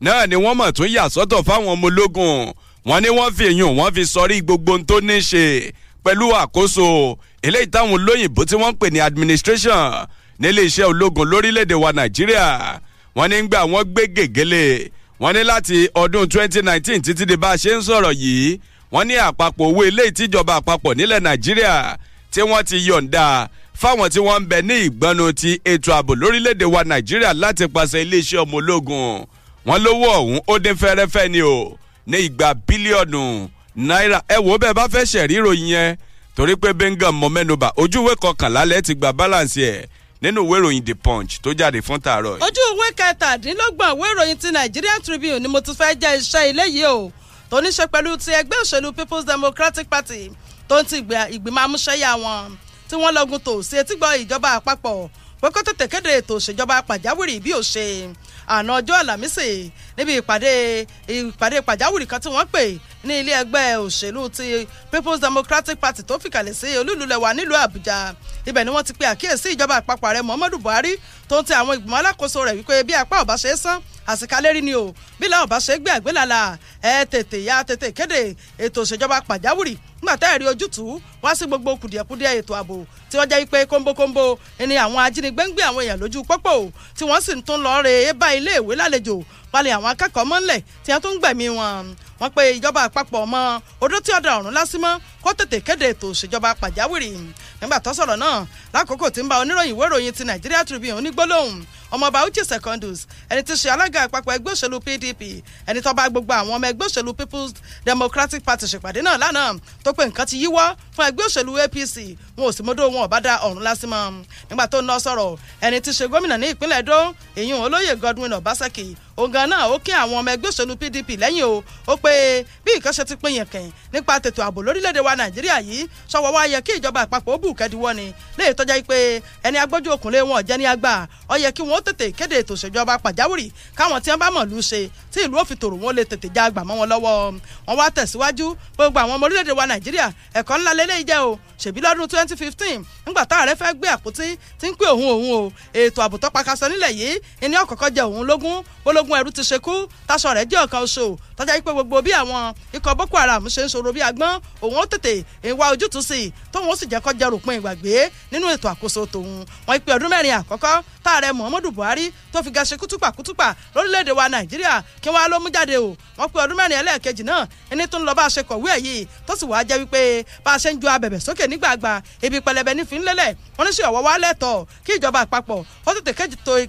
náà ni wọ́n mọ̀ tún yà sọ́tọ̀ fáwọn ọmọ ológun wọ́n ní wọ́n fi èyàn wọ́n fi sọrí gbogbo ohun tó ní ṣe pẹ̀lú àkóso eléyìí táwọn olóyìnbó tí wọ́n ń pè ní administration nílé iṣẹ́ ológun lórílẹ̀‐èdè wa nàìjíríà wọ́n ní gbà wọ́n gbé gègélé wọ́n ní láti ọdún 2019 títí di bá a ṣe ń sọ̀rọ̀ yìí wọ́n ní àpapọ̀ owó ilé ìtìjọba àpapọ̀ nílẹ̀ nàìjíríà tí wọ́n ti yọ̀ǹda fáwọn tí wọ́n ń bẹ ní ìgbọ́nu ti ètò ààbò lórílẹ̀‐èdè wa nàìjíríà láti pàṣẹ iléeṣẹ́ ọmọ ológun wọ́n lówó ọ̀hún ó dé fẹ́rẹ́fẹ́ ni o ní ìgbà bílíọ̀nù náírà ẹ wò ó bẹ́ẹ̀ bá fẹ́ ṣẹ̀rí ìròyìn yẹn torí pé Bingham mọ mẹ́nuba ojú ìwé kọkànlá lẹ́ ti gba balance ẹ̀ nínú ìwé ìròyìn the punch tó jáde fún tààrọ̀ yìí. ojú ìwé kẹtàdínlọ́gbọ̀n ìwé ìròyìn ti Nigerian Tribune ni mo ti fẹ́ jẹ́ iṣẹ́ ilé yìí o tó ní ṣe pẹ̀lú ti ẹgbẹ́ òṣèlú People's Democratic Party tó ń ti ìgbìmọ̀ amúṣẹ́yà wọn tí wọ́n lọ́gun tò sí etígbọ̀ ìjọba àpapọ̀ pé kó tètè kéde ètò òṣèjọba pàjáwìrì bí ó ṣe àná ọjọ́ àlàmísì níbi ìpàdé ìpàdé pàjáwìrì kan tí wọ́n pè ní ilé ẹgbẹ́ òṣèlú ti people's democratic party tó fìkàlẹ̀ sí olúlulẹ̀wà nílùú àbújá ibẹ̀ ni wọ́n ti pe àkíyèsí ìjọba àpapọ̀ ààrẹ muhammadu buhari tó ń tẹ àwọn ìgbìmọ̀ alákòóso rẹ̀ wípé bí apá ọ̀bá ṣe é sán àsìkálérí ni o bí làwọn ọ̀bá ṣe é gbé àgbélàlà ẹ tètè ya tètè kéde ètò òṣèjọba pàjáwìrì nígbà tá ẹ̀rí ojútùú wá sí gbogbo kùdìẹ̀kùdìẹ̀ ètò ààbò tí wọ́n jẹ́ wípé kóńbókóńbó ni àwọn ajínigbé ń gbé àwọn èèyàn lójú pópó tí wọ́n sì tún lọ́ọ́ re é bá iléèwé lálejò palẹ̀ àwọn akẹ́kọ̀ọ́ mọ́lẹ̀ tí a tún ń gbẹ̀mí wọn wọ́n pe ìjọba àpapọ̀ ọmọ odó tí ọ̀dà ọ̀run lásìmọ́ kó tètè kéde ètò òṣèjọba pàjáwìrì nígbà tó sọ̀rọ̀ náà lákòókò tí ń bá oníròyìn ìwé ìròyìn ti Nigeria Tribune onígbólóhùn ọmọọba uche secondus ẹni tí ṣe alága àpapọ̀ ẹgbẹ́ òṣèlú pdp ẹni tó bá gbogbo àwọn ọmọ ẹgbẹ́ òṣèlú people's democratic party ṣèpàdé náà lánàá tó pé nǹkan ti yíwọ́ fún ẹgbẹ́ òṣèlú apc wọn ò sì mọ́dọ̀ wọn ọ̀bá da ọ̀run lásìmọ́ nígbà tó ń lọ sọ̀rọ̀ ẹni tí ṣe gómìnà ní ìpínlẹ̀ edo èyí olóyè godwin obaseki òǹgàn náà ó kí àwọn ọmọ ẹgbẹ́ òṣèlú PDP lẹ́yìn o ó pé bí nǹkan ṣe ti pín yẹn nípa tètò ààbò lórílẹ̀‐èdè wa Nàìjíríà yìí sọ̀wọ́ wa yẹ kí ìjọba àpapọ̀ ó bù kẹ́díwọ́ ni léè tọ́já pé ẹni agbójú òkùnlé wọn jẹ́ ní agbá ó yẹ kí wọ́n tètè kéde ètò ìṣèjọba pàjáwìrì káwọn tí wọ́n bá mọ̀ lù ṣe tí ìlú òfin tòrò wọn lè tètè já àgbà mọ́ wọn lọ́wọ́ wọn wá tẹ̀síwájú gbogbo àwọn ọmọ orílẹ̀-èdè wa Nàìjíríà ẹ̀kọ́ ńlá lélẹ́yìí jẹ́ o ṣèbí lọ́dún twenty fifteen ńgbà tá ààrẹ fẹ́ gbé àpótí tí ń pè òun òun o ètò àbùtọ́ pakasọ nílẹ̀ yìí ẹni ọ̀kọ̀ọ̀kọ̀ jẹ òun lógún bóló ológun ẹ̀rú ti ṣekú táṣọ rẹ̀ jẹ́ ọ̀kan oṣù tọ́jà yìí gbogbo bí àwọn ikọ̀ boko haram ṣe ń ṣòro bí agbọ́n òun ó tètè ìwà ojútùú sí i tóun ó sì jẹ́ kọjá rògbìn ìgbàgbé nínú ètò àkóso tòun wọ́n pe ọdún mẹ́rin àkọ́kọ́ táàrẹ muhammadu buhari tó fi gàṣe kútùpà kútùpà lórílẹ̀‐èdè wa nàìjíríà kí wọ́n á ló mú jáde o wọ́n pe ọdún mẹ́rin ẹlẹ́ẹ̀kejì náà ẹni tó ń lọ bá a ṣe kọ̀wé ẹ̀ yìí tó sì wáá jẹ́ wípé bá a ṣe ń ju abẹ̀bẹ̀ sókè nígbàgbà ibi pẹlẹbẹ nífi ńlẹ̀lẹ̀ wọ́n ní sí ọ̀wọ́ wa lẹ́tọ̀ọ́ kí ìjọba àpapọ̀ ó tètè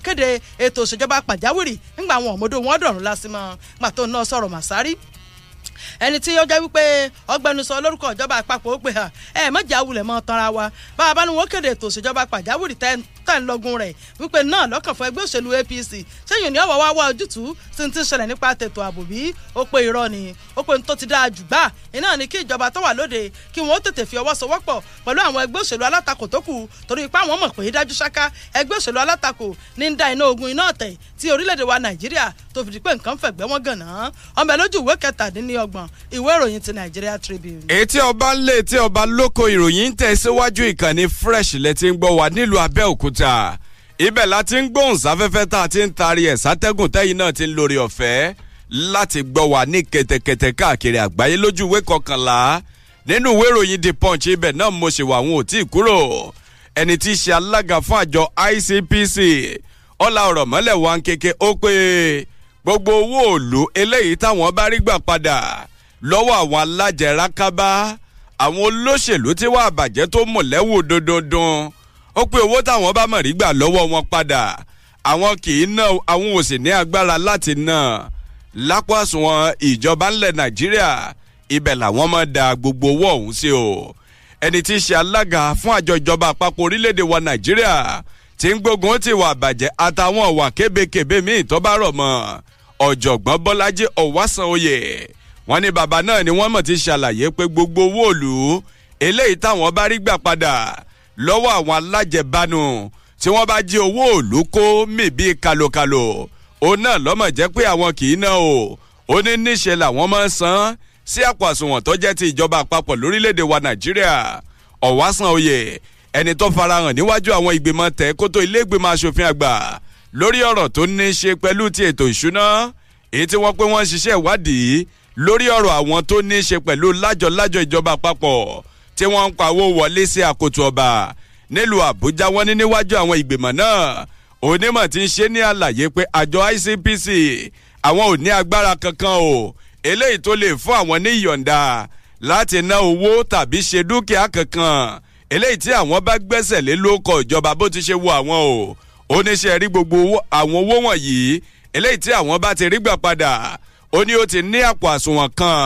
kéde ètò òṣèjọba pàjáwìrì nígbà àwọn ọmọdé wọn dọ̀rùn lásìmọ́ pàtó náà sọ̀rọ̀ màsárì ẹni tí ó jẹ́ wípé ọgbẹnusọ lórúkọ ìjọba àpapọ̀ ó pè hàn ẹ mọ̀jà wulẹ̀ mọ́ tanra wa bá a bá ní wọn kéde ètò ìṣèjọba pàjáwìrì tẹ́ńlọ́gùn rẹ̀ wípé náà lọ́kàn fún ẹgbẹ́ òṣèlú apc sẹ́yìn ní ọ̀wọ́ wá wá ojútùú tí ń ti ṣẹlẹ̀ nípa tètò ààbò bí ó pé irọ́ ni ó pé tó ti dáa jù gbà iná ni kí ìjọba tó wà lóde kí wọ́n tètè fi ọwọ́ sowọ́pọ̀ pẹ̀lú àwọn ẹgbẹ́ òṣèlú alátakò tó kù torí ipá wọn mọ̀ pé dájú ṣáká ẹgbẹ́ òṣèlú alátakò ní ń da iná ogun iná ọ̀tẹ̀ tí orílẹ̀-èdè wa nàìjíríà tó fìdí pé nǹkan fẹ̀gbẹ́ wọn gànà ọmọ ẹ lójú ìwé kẹtàdínlẹ́ mọ́kàndínlọ́gbọ̀n ìwé ìròyìn ti Nigeria Tribune. etí ọba ńlé etí ọba lóko ìròyìn ń tẹ̀ síwájú ìkànnì fresh lẹ́tí ń gbọ́ wá nílùú Abẹ́òkúta ibẹ̀ la ti ń gbóhùn sáfẹ́fẹ́ tá a ti ń taari ẹ̀ sátẹ́gùn tẹ́yìn náà ti ń lórí ọ̀fẹ́ láti gbọ́ wá ní kẹ̀tẹ̀kẹ̀tẹ̀ káàkiri àgbáyé lójú ìwé kọkànlá nínú ìwé ìròyìn The Punch ibẹ̀ náà mo ṣe wà wọn ò tí ì kúrò ẹni tí í ṣe alága fún àjọ ICPC ọlá ọ̀rọ̀ mọ́lẹ̀ wa ń kéke ó pé gbogbo owó òòlù eléyìí táwọn bá rí gbà padà lọ́wọ́ àwọn alájẹrákábá àwọn olóṣèlú tí wàá bàjẹ́ tó mọ̀lẹ́wò dandandan ó pé owó táwọn bá mọ̀ rí gbà lọ́wọ́ wọn padà àwọn kì í ná àwọn ò sì ní agbára láti ná lápò ìjọba ńlẹ̀ nàìjíríà ibẹ̀ làwọn máa da gbogbo owó ọ̀hún sí o ẹni tí í ṣe alága fún àjọ ìjọba àpapọ̀ orílẹ̀-èdè wa nàìjíríà tí ń gbógun ó ti wà bàjẹ́ àtàwọn ọ̀wà kébékèbé míì tó bá rọ̀ mọ́ ọ̀jọ̀gbọ́n bọ́lájí ọ̀wásanoyè wọ́n ní bàbá náà ni wọ́n mọ̀ ti ṣàlàyé pé gbogbo owó òlù eléyìí táwọn bá rí gbà padà lọ́wọ́ àwọn alájẹbánu tí wọ́n bá jí owó òlù kó mì bíi kalokalo òun náà lọ́mọ̀ jẹ́ pé àwọn kì í ná o ó ní níṣe làwọn máa ń san sí àpò àsùnwọ̀n tó jẹ́ ti ìjọba àpapọ̀ lórílẹ̀‐èdè wa nàìjíríà ọ̀wásanoyè ẹni tó farahàn níwájú àwọn ìgbìmọ̀ tẹ̀ kótó ilé ìgbìmọ̀ asòfin àgbà lórí ọ̀rọ̀ tó ní í ṣe pẹ̀lú ti ètò ìṣúná èyí tí wọ́n pé wọ́n ń ṣiṣẹ́ ìwádìí lórí ọ̀rọ̀ àwọn tó ní í ṣe pẹ̀lú lájọ̀lájọ̀ ìjọba àpapọ̀ tí wọ́n ń pawó wọlé sí àkótó ọba nílùú àbújá wọ́n ní níwájú àwọn ìgbìmọ̀ náà onímọ̀ tí ń ṣe ní àlàyé pé àjọ ICPC àwọn ò ní agbára kankan o eléyìí tó lè fún àwọn ní ìyọ̀ǹda láti ná owó tàbí ṣe dúkìá kankan eléyìí tí àwọn bá gbẹ́sẹ̀ lé lóko ìjọba bó ti ṣe wo àwọn o ó ní ṣe rí gbogbo àwọn owó wọ̀nyí eléyìí tí àwọn bá ti rí gbà padà ó ní ó ti ní àpò àsùnwọ̀n kan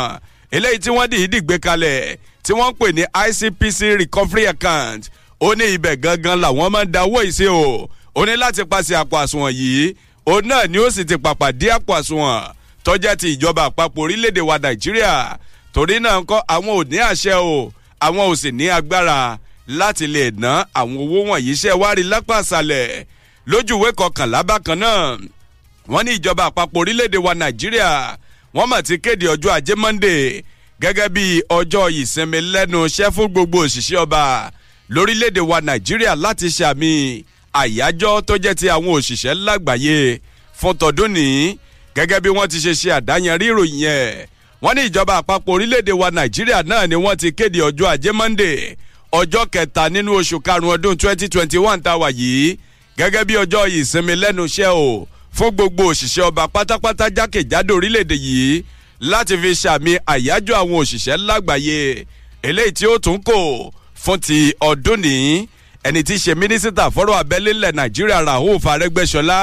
eléyìí tí wọ́n dìídì gbé kalẹ̀ tí wọ́n ń pè ní ICPC recovery account ó ní ibẹ̀ gangan làwọn máa ń da owó ìṣe o ó ní láti paṣẹ àpò àsùnwọ̀n yìí òun náà ni ó sì ti pàpà dé àpò àsùnwọ̀n tó jẹ́ ti ìjọba àpapọ̀ orílẹ̀-èdè wa Nàìjíríà torí náà ń kọ́ àwọn ò ní àṣẹ o àwọn ò sì ní agbára láti lè ná àwọn owó wọ̀nyí ṣe wá rí lápá àṣàlẹ̀ lójú ìwé kọkànlá bákan náà wọ́n ní ìjọba àpapọ̀ orílẹ̀-èdè wa nàìjíríà wọ́n mà ti kéde ọjọ́ ajé monday gẹ́gẹ́ bí ọjọ́ ìsinmi lẹ́nu iṣẹ́ fún gbogbo òṣìṣẹ́ ọba lórílẹ̀‐èdè wa nàìjíríà láti ṣàmì àyájọ́ tó jẹ́ ti àwọn òṣìṣẹ́ lágbàáyé fún tọdún ní gẹ́gẹ́ bí wọ́n ti ṣe ṣe àdáyanrí ìròyìn ẹ̀ wọ́n ní ìjọba àpapọ̀ orílẹ̀‐èdè wa nàìjíríà náà ni wọ́n ti kéde ọjọ́ ajé monde ọjọ́ kẹta nínú oṣù karùn-ún ọdún 2021 tá a wà yìí gẹ́gẹ́ bí ọjọ́ ìsinmi lẹ́nu iṣẹ́ o fún gbogbo òṣìṣẹ́ ọba pátápátá jákèjádò orílẹ̀-èdè yìí láti fi ṣàmì àyájọ́ àwọn òṣìṣẹ́ lágbàáyé eléyìí tí ó tún kò fún ti ọdún nìyí ẹni tí í ṣe mínísítà fọ́rọ̀ abẹ́lé ilẹ̀ nàìjíríà Rauf Arẹ́gbẹ́ṣọlá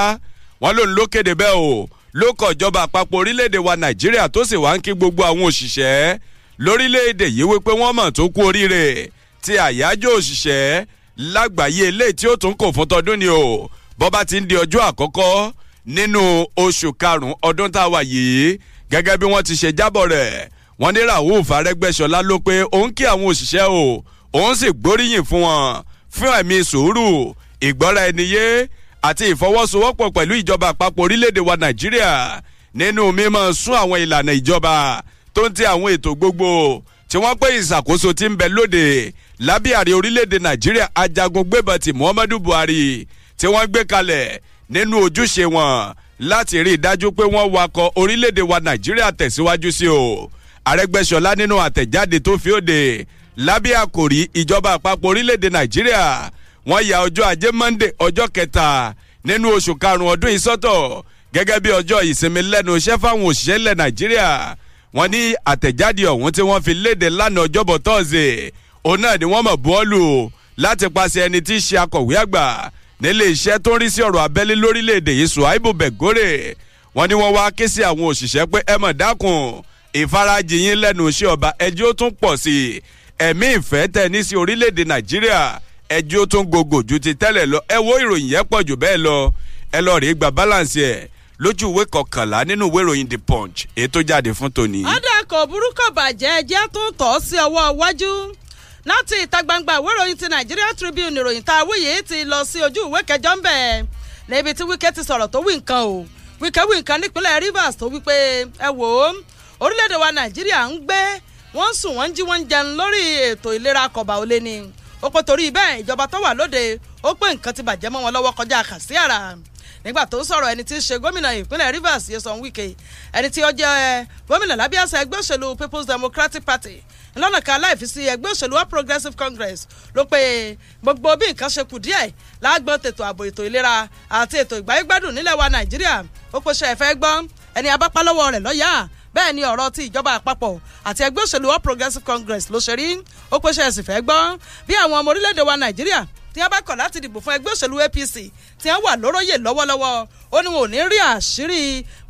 wọn lòun ló kéde bẹ́ẹ̀ o ló kọ ìjọba àpapọ̀ orílẹ̀-èdè wa nàìjíríà tó sì wá ń kí gbogbo àwọn òṣìṣẹ́ lórílẹ̀-èdè yìí wípé wọ́n mọ̀ tó kú oríire ti àyájọ́ òṣìṣẹ́ lágbàáyé eléyìí tí ó tún kò fún tọdún ni o bọ́ba ti ń di ọjọ́ àkọ́kọ́ nínú oṣù karùn-ún ọdún tá a wà yìí gẹ́gẹ́ bí wọ́n ti ṣe jábọ̀ rẹ̀ wọ́n ní Rauf Arẹ́gbẹ́ṣọlá ló pé òun kí àwọn òṣìṣẹ́ o òun sì gbóríyìn fún wọn fún ẹ̀mí sùúrù ìgbọ́ra ẹniyé àti ìfọwọ́sowọ́pọ̀ pẹ̀lú ìjọba àpapọ̀ orílẹ̀-èdè wa Nàìjíríà nínú mímọ́ sún àwọn ìlànà ìjọba tó ń ti àwọn ètò gbogbo tí wọ́n pé ìṣàkóso ti ń bẹ lóde lábẹ́ ààrẹ orílẹ̀-èdè nàìjíríà ajagun gbébọn ti muhammadu buhari tí wọ́n gbé kalẹ̀ nínú ojúṣe wọn láti rí i dájú pé wọ́n wakọ̀ orílẹ̀-èdè wa nàìjíríà tẹ̀síwájú sí o àrẹ́gbẹ́ṣọlá nínú àtẹ̀jáde tó fi òde lábẹ́ àkòrí ìjọba àpapọ̀ orílẹ̀-èdè nàìjíríà wọ́n ya ọjọ́ ajé monde ọjọ́ kẹta nínú oṣù karùn-ún ọdún yìí sọ́tọ̀ gẹ́gẹ́ bí ọjọ́ ìsinmi lẹ́nu iṣẹ́ fáwọn òṣìṣẹ́ ilẹ̀ nàìjíríà wọ́n ní àtẹ̀jáde ọ̀hún tí wọ́n fi léde lánàá ọjọ́bọ̀ tọ́sídẹ̀ẹ́ òun náà ni wọ́n mọ̀ bọ́ọ̀lù o láti paṣẹ ẹni tí í ṣe akọ̀wé àgbà nílé iṣẹ́ tó ń rí sí ọ̀rọ̀ abẹ́lé lórílẹ̀‐èdè yìí Suhaibu Begore wọ́n ní wọ́n wá ké sí àwọn òṣìṣẹ́ pé ẹ mọ̀ dákun ìfarajì yín lẹ́nu iṣẹ́ ọba ẹjẹ́ ó tún pọ̀ sí i ẹ̀mí ìfẹ́ tẹ̀ ní sí orílẹ̀‐èdè Nàìjíríà ẹjẹ́ ó tún gògò ju ti tẹ́lẹ̀ lọ ẹ wo ìròyìn yẹn pọ̀ jù bẹ́ẹ̀ lọ ẹ lọ rèé gba balance ẹ̀ lójú ìwé kọkànlá nínú ìwé ìròyìn the punch èyí tó jáde fún tòní. ọ̀dà kò burúkọ̀ bàjẹ́ ẹjẹ́ tó tọ̀ sí ọwọ́ iwájú láti ìta gbangba ìwé ìròyìn ti Nigeria Tribune ìròyìn tá a wí yìí ti lọ sí ojú ìwé kẹjọ ń bẹ̀ níbi tí Wike ti sọ̀rọ̀ tó wí nǹkan o Wike wí nǹkan nípínlẹ̀ Rivers tó wí pé ẹ wò ó orílẹ̀-èdè wa Nàìjíríà ń gbé wọ́n sùn wọ́n jí wọ́n jẹun lórí ètò ìlera kọ̀bà olé ni ó pé torí bẹ́ẹ̀ ìjọba tó wà lóde ó pé nǹkan ti bàjẹ́ mọ́ wọn lọ́wọ́ kọjá kà sí àrà nígbà tó sọ̀rọ̀ ẹni tí í ṣe gómìnà ìpínlẹ̀ Rivers Nyesom Wike ẹni tí ó jẹ́ gómìnà lábíàṣà ẹgbẹ́ òṣèlú People's Democratic Party lọ́nà kan aláìfi sí ẹgbẹ́ òṣèlú All Progressives Congress ló pé gbogbo bí nǹkan ṣe kù díẹ̀ lágbọ́n tètò ààbò ètò ìlera àti ètò ìgbáyégbádùn nílẹ̀ wa Nàìjíríà ó pèsè ẹ̀fẹ́ gbọ́n ẹni abápálọ́wọ́ rẹ̀ lọ́yà bẹ́ẹ̀ ni ọ̀rọ̀ ti ìjọba àpapọ̀ àti ẹgbẹ́ òṣèlú All Progressives Congress ló ṣe rí ó pèsè ẹ̀sìn fẹ́ gbọ́n bí àwọn ọmọ orílẹ̀ wa Nàìjíríà tí wọ́n bá kọ̀ láti dìbò fún ẹgbẹ́ òṣèlú APC tí wọ́n wà lóróyè lọ́wọ́lọ́wọ́ ó ní wọn ò ní rí àṣírí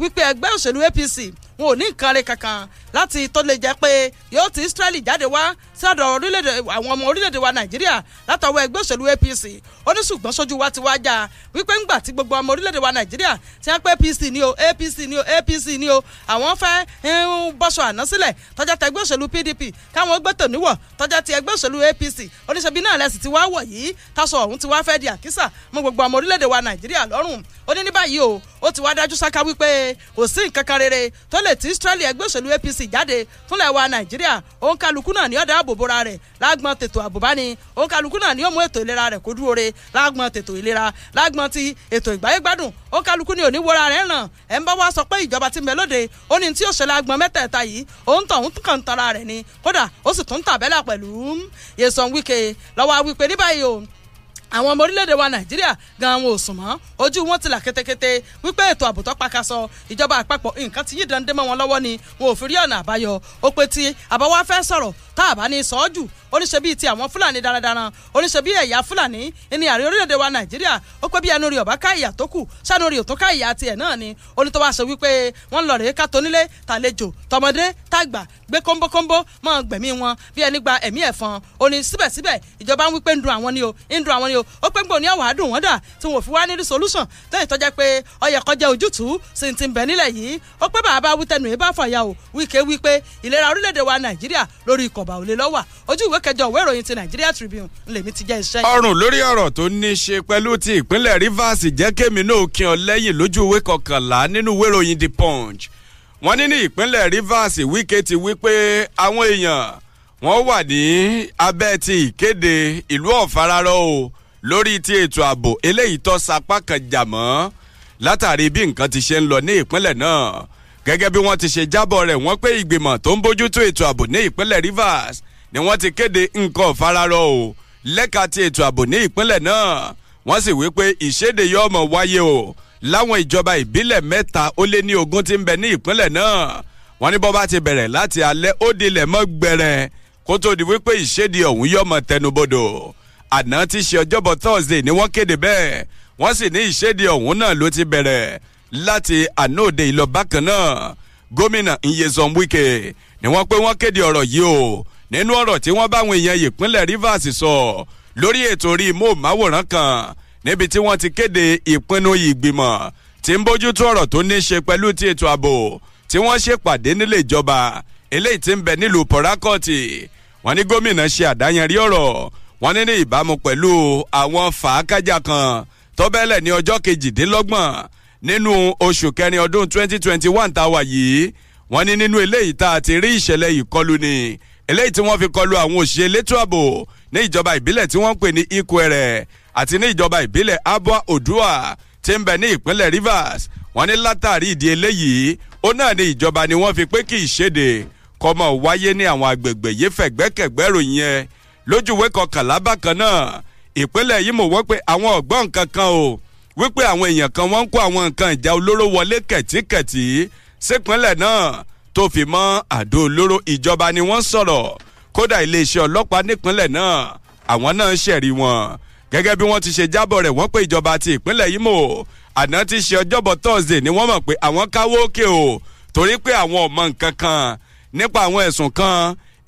wípé ẹgbẹ́ òṣèlú APC wọn ò ní nǹkan rẹ kankan láti tó lè jẹ́ pé yóò ti Ísírẹ́lì jáde wá sọ́dọ̀ orílẹ̀-èdè àwọn ọmọ orílẹ̀-èdè wa nàìjíríà látọwọ́ ẹgbẹ́ òṣèlú apc ó ní ṣùgbọ́n sójú wa ti wá já wípé ńgbà tí gbogbo ọmọ orílẹ̀-èdè wa nàìjíríà ti ń pẹ́ apc ni o apc ni o apc ni o àwọn fẹ́ ń eh, bọ́sọ̀ àná sílẹ̀ tọ́jà tẹ ẹgbẹ́ òṣèlú pdp káwọn gbé tòníwọ̀ tọ́jà ti ẹgbẹ́ òṣèlú apc oníṣẹ́bí náà lẹ́sìn ti wá wọ̀ yìí tásọ ọ̀hún ti wá fẹ́ di àkísà mú gbogbo ọmọ orílẹ̀-èdè wa nàìjíríà lọ́rùn ó ní ní báyìí o ó ti wá dájú sáká wípé kò sí nǹkan kan rere tó lè ti israeli ẹgbẹ́ òṣèlú apc jáde fúnlẹ̀ wa nàìjíríà òun kálukú náà ní ọ̀dà dáàbò bora rẹ̀ lágbọn tètò àbùbá ni òǹkàlùkù náà ni ó mú ètò ìlera rẹ̀ kó dúró re lágbọn tètò ìlera lágbọn ti ètò ìgbáyégbádùn òǹkàlùkù ni òní wora rẹ̀ ràn ẹ̀ ń bá wá sọ pé ìjọba ti ń ó ní tí ó ṣẹlẹ̀ agbọn mẹ́tẹ̀ẹ̀ta yìí òun tàn òun kàn tara rẹ̀ ni kódà ó sì tún tàbẹ́là pẹ̀lú Nyesom Wike lọ́wọ́ wípé ní o àwọn ọmọ orílẹ̀-èdè wa nàìjíríà gan àwọn òsùn mọ́ ojú wọn ti là kétékété wípé ètò ààbò tó pakasọ ìjọba àpapọ̀ nǹkan ti yín dandé mọ́ wọn lọ́wọ́ ni wọn ò fi rí ọ̀nà àbáyọ ó pé tí àbáwá fẹ́ sọ̀rọ̀ tá a bá ní sọ jù oníṣe bíi ti àwọn fúlàní darandaran oníṣe bíi ẹ̀yà fúlàní ní àárín orílẹ̀-èdè wa nàìjíríà ó pé bí ẹnu rí ọ̀bá ká ìyà tó kù sẹ́nu rí òtún ká ìyà tiẹ̀ náà ni onítọ́wá sọ wípé wọ́n lọ rèé ká tónílé tàlejò tọmọdé tàgbà gbé kóńbókóńbó máa gbẹ̀mí wọn bí ẹni gba ẹ̀mí ẹ̀fọn ó ní síbẹ̀síbẹ̀ ìjọba ń wípé ń dun àwọn ni o ń dun àwọn ni o ó pé ń gbò dùn wọ́n dà tí wọn ò fi wá nílùú solution tó ìtọ́jà pé ọyẹ kọjá ojútùú sì ti ń bẹ̀ yìí ó pé bàbá wítẹnu yìí bá fàyà o wíkẹ́ wípé ìlera orílẹ̀-èdè wa nàìjíríà lórí ìkọ̀bà òlé lọ́wà ojú ìwé kẹjọ ìwé ìròyìn ti nàìjíríà tribune lèmi ti jẹ́ iṣẹ́. ọrùn lórí ọ̀rọ̀ tó ní í ṣe pẹ̀lú ti ìpínlẹ̀ rivers jẹ́ kémi náà kí ọ lẹ́yìn lójú ìwé kọkànlá nínú ìwé ìròyìn the punch wọ́n ní ní ìpínlẹ̀ Rivers Wike ti wí pé àwọn èèyàn wọ́n wà ní abẹ́ ti ìkéde ìlú ọ̀fararọ́ o lórí ti ètò ààbò eléyìí tó sapá kan jà mọ́ látàrí bí nǹkan ti ṣe ń lọ ní ìpínlẹ̀ náà gẹ́gẹ́ bí wọ́n ti ṣe jábọ̀ rẹ̀ wọ́n pé ìgbìmọ̀ tó ń bójútó ètò ààbò ní ìpínlẹ̀ Rivers ni wọ́n ti kéde nǹkan ọ̀fararọ́ o lẹ́ka ti ètò ààbò ní ìpínlẹ̀ náà wọ́n sì wí pé ìṣèdè yóò máa wáyé o láwọn ìjọba ìbílẹ̀ mẹ́ta ó lé ní ogún tí ń bẹ ní ìpínlẹ̀ náà wọ́n ní bọ́ bá ti bẹ̀rẹ̀ láti alẹ́ ó dilẹ̀ mọ́ gbẹ̀rẹ̀ kó tó di wípé ìṣèdí ọ̀hún yọmọ tẹnubodò àná tí ṣe ọjọ́bọ̀ thursday ni wọ́n kéde bẹ́ẹ̀ wọ́n sì ní ìṣèdí ọ̀hún náà ló ti bẹ̀rẹ̀ láti àná òde ìlọ bákan náà gómìnà Nyesom Wike ni wọ́n pé wọ́n kéde ọ̀rọ̀ yìí o nínú ọ̀rọ̀ tí wọ́n báwọn èèyàn ìpínlẹ̀ Rivers sọ lórí ètò orí móhùnmáwòrán kan níbi tí wọ́n ti kéde ìpinnu ìgbìmọ̀ tí ń bójútó ọ̀rọ̀ tó ní í ṣe pẹ̀lú ti ètò ààbò tí wọ́n ṣèpàdé nílé ìjọba eléyìí tí ń bẹ nílùú Port Harcourt wọ́n ní gómìnà ṣe àdáyanrí ọ̀rọ̀ wọ́n ní ní ìbámu pẹ̀lú àwọn fàákájà kan tọ́bẹ̀lẹ̀ ní ọjọ́ kejìdínlọ́gbọ̀n nínú oṣù kẹrin ọdún 2021 tá a wà yìí wọ́n ní nínú eléyìí tá a ti rí ìṣẹ̀lẹ̀ ìkọlù ni Ikwere àti ní ìjọba ìbílẹ̀ abua odua tí ń bẹ ní ìpínlẹ̀ rivers wọ́n ní látàrí ìdí eléyìí ó náà ní ìjọba ni wọ́n fi pé kí ìṣèdè kọmọ wáyé ní àwọn agbègbè yìí fẹ̀gbẹ́kẹ̀gbẹ́ ròyìn ẹ lójúwé kọkànlá bákan náà ìpínlẹ̀ yìí mọ̀ wọ́n pé àwọn ọ̀gbọ́n kankan o wípé àwọn èèyàn kan wọ́n ń kó àwọn nǹkan ìjà olóró wọlé kẹ̀tíkẹ̀tí sípínlẹ̀ náà tó fi mọ́ àdó olóró ìjọba ni wọ́n sọ̀rọ̀ kódà iléeṣẹ́ ọlọ́pàá nípínlẹ̀ náà àwọn náà ṣẹ̀rí wọn gẹ́gẹ́ bí wọ́n ti ṣe jábọ̀ rẹ̀ wọ́n pé ìjọba ti ìpínlẹ̀ Imo àná ti ṣe ọjọ́bọ̀ Thursday ni wọ́n mọ̀ pé àwọn káwó òkè o torí pé àwọn ò mọ nǹkan kan nípa àwọn ẹ̀sùn kan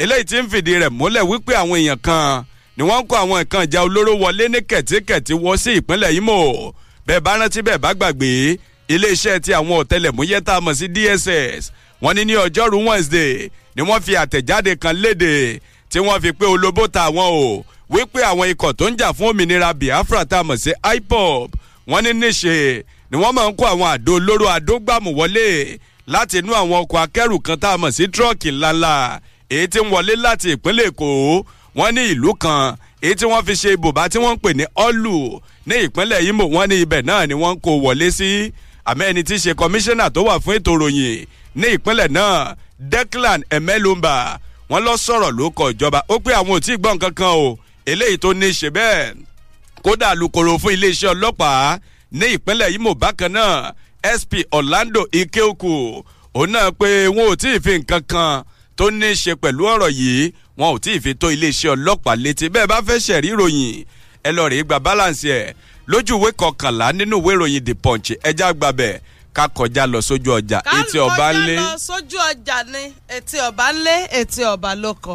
eléyìí ti ń fìdí rẹ̀ múlẹ̀ wípé àwọn èèyàn kan ni wọ́n ń kó àwọn nǹkan ìjà olóró wọlé ní kẹ̀tíkẹ̀tí wọ sí ìpínlẹ̀ Imo bẹ́ẹ̀ bá rántí bẹ́ẹ̀ bá gbàgbé iléeṣẹ́ ti àwọn ọ̀tẹlẹ̀múyẹ́ tá a mọ̀ sí DSS wọ́n ní ní ọjọ́rú Wednesday ni wọ́n fi àtẹ̀jáde kan léde tí wọ́n fi pé olóbó ta àwọn o wípé àwọn ikọ̀ tó ń jà fún òmìnira Biafra tá a mọ̀ sí IPOB wọ́n ní níṣe ni wọ́n máa ń kó àwọn àdó olóró àdógbàmù wọlé láti inú àwọn ọkọ̀ akẹ́rù kan tá a mọ̀ sí tírọ́ọ̀kì ńláńlá èyí tí ń wọlé láti ìpínlẹ̀ Èkó wọ́n ní ìlú kan èyí tí wọ́n fi ṣe ibùbá tí wọ́n ń pè ní Ọ̀lù ní ìpínlẹ̀ Imo wọ́n ní ibẹ̀ náà ni wọ́n ń kó wọlé sí àmọ́ ẹni tí í ṣe kọmíṣánná tó wà fún ètò ìròyìn ní ìpínlẹ̀ náà Declan Emelumba wọ́n lọ sọ̀rọ̀ ló kọ ìjọba ó pé àwọn ò tí ì gbọ́ nǹkan kan o eléyìí tó ní í ṣe bẹ́ẹ̀ kódà alukoro fún iléeṣẹ́ ọlọ́pàá ní ìpínlẹ̀ Imo bákan náà SP Orlando Ikeoku òun náà pé wọn ò tí ì fi nǹkan kan tó ní í ṣe pẹ̀lú ọ̀rọ̀ yìí wọn ò tí ì fi tó iléeṣẹ́ ọlọ́pàá létí bẹ́ẹ̀ bá fẹ́ ṣẹ̀rí ìròyìn ẹ lọ rèé gba balance ẹ̀ lójú ìwé kọkànlá nínú ìwé ìròyìn The Punch ẹjá gbàbẹ̀ ká kọjá lọ sójú ọjà etí ọba ńlé. ká kọjá lọ sójú ọjà ní etí ọba ńlé etí ọba lóko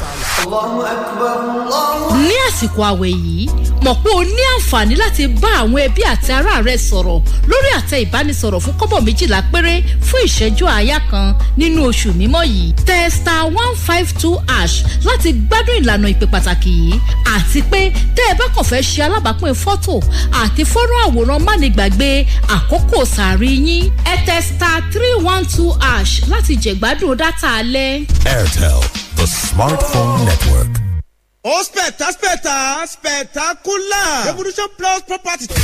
ní àsìkò àwẹ̀ yìí mọ̀ pé o ní àǹfààní láti bá àwọn ẹbí àti ará rẹ sọ̀rọ̀ lórí àtẹ ìbánisọ̀rọ̀ fún kọ́bọ̀ méjìlá péré fún ìṣẹ́jú àáyá kan nínú oṣù mímọ́ yìí tẹ star one five two ash láti gbádùn ìlànà ìpè pàtàkì yìí àti pé tẹ́ ẹ bá kàn fẹ́ ṣe alábàápín fọ́tò àti fọ́nrán àwòrán mánigbàgbé àkókò sàárì yín ẹ tẹ star three one two ash láti jẹ̀gbádùn dátà alẹ́. airtel The Smartphone Network. ó spẹ̀tà spẹ̀tà spectacular revolution plus property. tó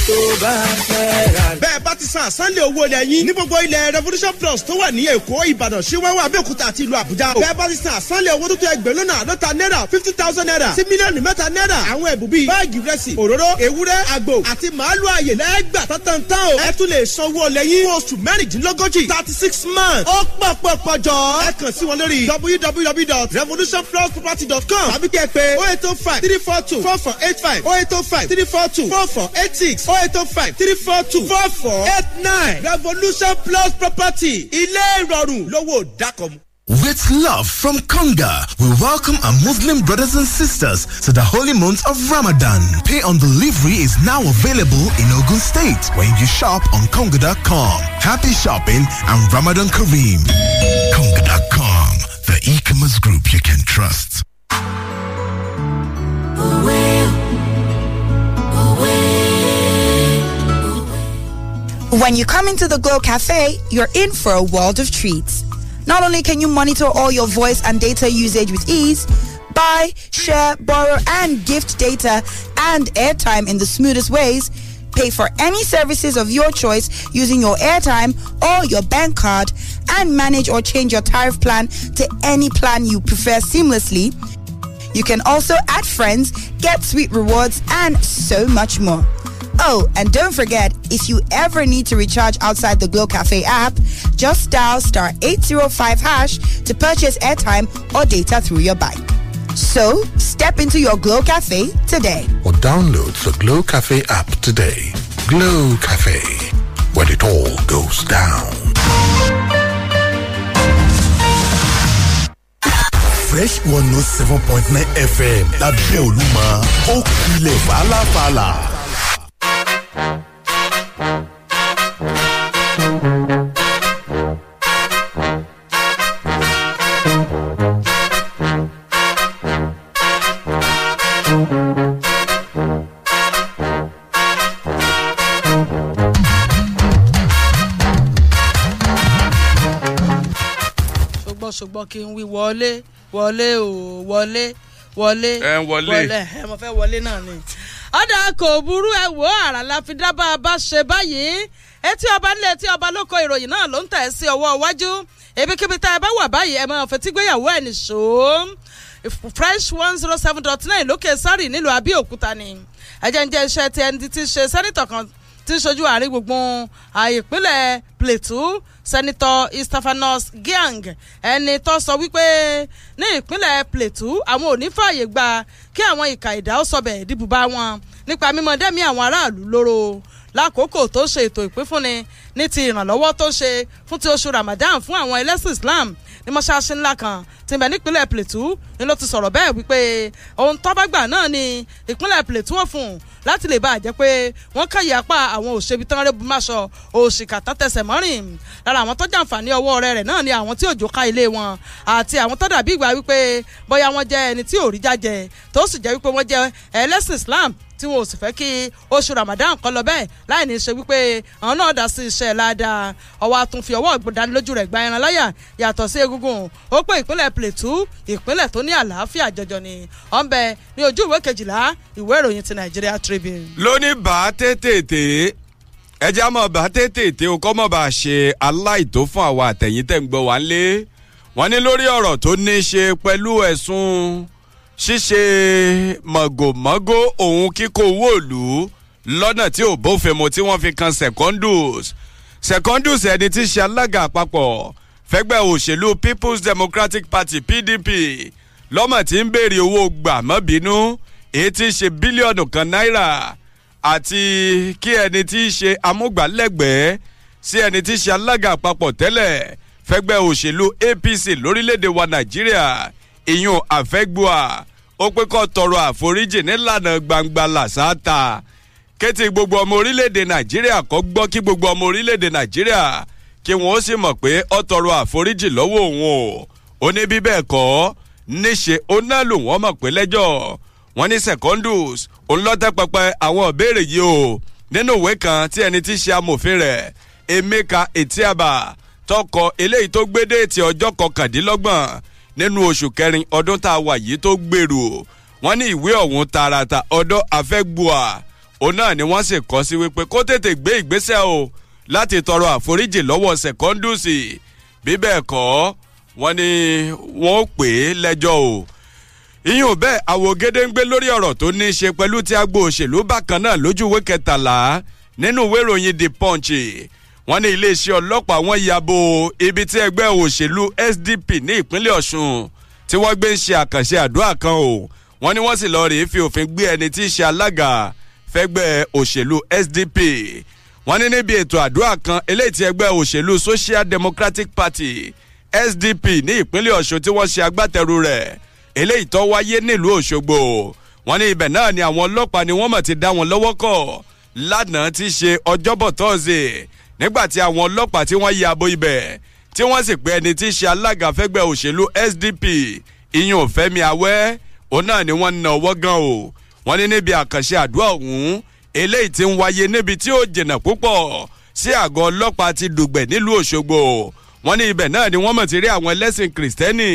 bá fẹ́ ra. bẹ́ẹ̀ bá ti san àsánlé owó ilẹ̀ yín ní gbogbo ilẹ̀ revolution plus tó wà ní èkó ìbàdàn ṣíwáwá abẹ́òkúta àti ìlú àbújá. bẹ́ẹ̀ bá ti san àsánlé owó tuntun ẹgbẹ̀rún lọ́nà àádọ́ta náírà fifty thousand naira sí mílíọ̀nù mẹ́ta náírà. àwọn ẹ̀bùn bíi báàgì rẹsì òróró ewúrẹ́ àgbò àti màálù àyè lẹ́gbà tọ́tàntàn o. ẹ tún lè san owó ilẹ̀ yín fún oṣù mẹ́rìndínlógójì thirty six months. ó pọ̀ pọ̀ pọ̀ jọ. ẹ kàn sí wọn lórí www.revolutionplusproperty.com tàbí kẹ́ pé Oh eight oh five three four two four four eight five oh eight oh five three four two four four eight six oh eight oh five three four two four four eight nine revolution plus property ilé ìrọ̀rùn lówó dákọ̀mù. With love from Conga, we welcome our Muslim brothers and sisters to the holy month of Ramadan. Pay on delivery is now available in Ogun State when you shop on Conga.com. Happy shopping and Ramadan Kareem. Conga.com, the e-commerce group you can trust. When you come into the Glow Cafe, you're in for a world of treats. Not only can you monitor all your voice and data usage with ease, buy, share, borrow, and gift data and airtime in the smoothest ways. Pay for any services of your choice using your airtime or your bank card and manage or change your tariff plan to any plan you prefer seamlessly. You can also add friends, get sweet rewards, and so much more. Oh, and don't forget, if you ever need to recharge outside the Glow Cafe app, just dial star 805 hash to purchase airtime or data through your bike. So, step into your Glow Cafe today. Or download the Glow Cafe app today. Glow Cafe, when it all goes down. Fresh 107.9 FM, lábẹ́ Olúmọ, ó kulẹ̀ fàlàfàlà. ṣùgbọ́n kí n wí wọlé wọlé o wọlé wọlé wọlé ẹ mo fẹ́ wọlé náà ni ọ̀dà kò burú ẹ wò àrà la fi dábà bá ṣe báyìí etí ọba nílé etí ọba lóko ìròyìn náà ló ń tẹ̀ sí ọwọ́ iwájú ibikíbi tá ẹ bá wà báyìí ẹ máa fetí gbéyàwó ẹ̀ nìṣó fresh one zero seven dot nine lókè sárì nílùú Abẹ́òkúta ni ẹ̀jẹ̀ ń jẹ́ iṣẹ́ tí ẹni tí ń ṣe sẹ́nitọ̀ kan tí ń ṣojú àárín gbùngbùn àìpínlẹ̀ Plateau sẹ́nitọ́ Stephanos Gyang ẹni tó sọ wípé ní ìpínlẹ̀ Plateau àwọn ò ní fààyè gba kí àwọn ìka ìdá ó sọbẹ̀ dìbùbà wọn nípa mímọ dẹ́mi àwọn aráàlú lóró lákòókò tó ṣe ètò ìpínfúnni ní ti ìrànlọ́wọ́ tó ṣe fún ti oṣù Ramadan fún àwọn ẹlẹ́sìn Islam ní mọ́ṣáláṣí ńlá kan ti bẹ̀ nípínlẹ̀ Plateau ni ló ti sọ̀rọ̀ bẹ́ẹ̀ wípé ohun tó bá gbà náà ni ìpínlẹ̀ Plateau wọ́n fún un láti lè bá a jẹ́ pé wọ́n kàyé apá àwọn òṣèbí tán rẹ́bu máṣọ òṣìkà tán tẹsẹ̀ mọ́rìn lára àwọn tó jàǹfààní ọwọ́ rẹ̀ rẹ̀ náà ni àwọn tí òjò ká ilé wọn àti àwọn tó dàbí ìgbà wípé bóyá wọ́n jẹ́ ẹni tí ò rí jájẹ tó sì jẹ́ wípé wọ́n jẹ́ ẹlẹ́sìn Islam tí wọn ò sì fẹ́ kí oṣù Ramadan kọ́ lọ bẹ́ẹ̀ láì ní í ṣe wípé àwọn náà dá sí iṣẹ́ ládàá ọwọ́ àtúnfi ọwọ́ ìgbọ̀dánilójú rẹ̀ gba ẹran láyà yàtọ̀ sí egungun ó pé ìpínlẹ̀ Plateau ìpínlẹ̀ tó ní àlàáfíà jọjọ ni ó ń bẹ ní ojú ìwé kejìlá ìwé ìròyìn ti Nigeria Tribune. lóní bá tètè ẹjẹ́ àmọ́ bá tètè o kọ́ mọ̀ bá ṣe aláìtó fún àwa àtẹ̀yìn tẹ̀ ń gbọ́ wá lé wọ́n ní lórí ọ̀rọ̀ tó ní í ṣe pẹ̀lú ẹ̀sùn ṣíṣe mọ̀gòmọ́gó òun kíkó owó ìlú lọ́nà tí ò bófin mu tí wọ́n fi kan Secondus Secondus ẹni tí í ṣe alága àpapọ̀ fẹ́gbẹ́ òṣèlú People's Democratic Party PDP lọ́mọ̀ tí ń béèrè owó gbàmọ́bínú èyí tí í ṣe bílíọ̀nù kan náírà àti kí ẹni tí í ṣe amúgbálẹ́gbẹ̀ẹ́ sí ẹni tí í ṣe alága àpapọ̀ tẹ́lẹ̀ fẹ́gbẹ́ òṣèlú APC lórílẹ̀‐èdè wa Nàìjíríà ìyún àfẹ́gbùà ó pé kó tọrọ àforíjì nílànà gbangba làṣáàtà kété gbogbo ọmọ orílẹ̀‐èdè Nàìjíríà kó gbọ́ kí gbogbo ọmọ orílẹ̀‐èdè Nàìjíríà kí wọn ó sì mọ̀ pé ó tọrọ àforíjì lọ́wọ́ òun o ó ní bí bẹ́ẹ̀ kọ́ níṣe ó náà lò wọ́n mọ̀ pé lẹ́jọ́ wọn ní secondus òun pẹpẹ àwọn ìbéèrè yìí o nínú ìwé kan tí ẹni tí ṣe amòfin rẹ̀ Emeka Etiaba tọkọ eléyìí tó gbé déètì ọjọ́ kọkàndínlọ́gbọ̀n nínú oṣù kẹrin ọdún tá a wà yìí tó gbèrú wọn ní ìwé ọ̀hún tààràtà ọ̀dọ̀ afẹ́gbùà òun náà ni wọ́n sì kọ́ sí wípé kó tètè gbé ìgbésẹ̀ o láti tọrọ àforíjì lọ́wọ́ Sẹ̀kọ́ndùsì bí bẹ́ẹ̀ kọ́ wọ́n ní wọ́n pè é lẹ́jọ́ o iyùn bẹ́ẹ̀ àwògedengbe lórí ọ̀rọ̀ tó ní í ṣe pẹ̀lú ti agbo òṣèlú bákan náà lójú ìwé kẹtàlá nínú ìwé ìròyìn The Punch wọ́n ní iléeṣẹ́ ọlọ́pàá wọ́n ya bo ibi tí ẹgbẹ́ òṣèlú SDP ní ìpínlẹ̀ Ọ̀ṣun tí wọ́n gbé ń ṣe àkànṣe àdúrà kan o wọ́n ní wọ́n sì lọ́ọ́ rèé fi òfin gbé ẹni tí í ṣe alága fẹ́gbẹ́ òṣèlú SDP wọ́n ní níbi ètò àdúrà kan eléyìí tí ẹgbẹ́ òṣèlú Social Democratic Party SDP ní ìpínlẹ̀ Ọ̀ṣun tí wọ́n ṣe agbátẹrù rẹ̀ eléyìí tó wáyé nílùú Òṣogbo wọ́n ní ibẹ̀ náà ni àwọn ọlọ́pàá ni wọ́n mọ̀ ti dá wọn lọ́wọ́ kọ̀ lánàá ti ṣe ọjọ́bọ̀ tọ́sídẹ̀ẹ́ nígbà tí àwọn ọlọ́pàá tí wọ́n ya abo ibẹ̀ tí wọ́n sì pé ẹni tí í ṣe alága fẹ́gbẹ́ òṣèlú SDP ìyún Fẹ́mi Awẹ́ òun náà ni wọ́n na ọwọ́ gan o wọ́n ní níbi àkànṣe àdúrà ọ̀hún eléyìí ti ń wáyé níbi tí ó jìnnà púpọ̀ sí àgọ́ ọlọ́pàá ti dùgbẹ̀ nílùú Òṣogbo wọn ní ibẹ̀ náà ni wọ́n mọ̀ ti rí àwọn ẹlẹ́sìn kìrìsìtẹ́nì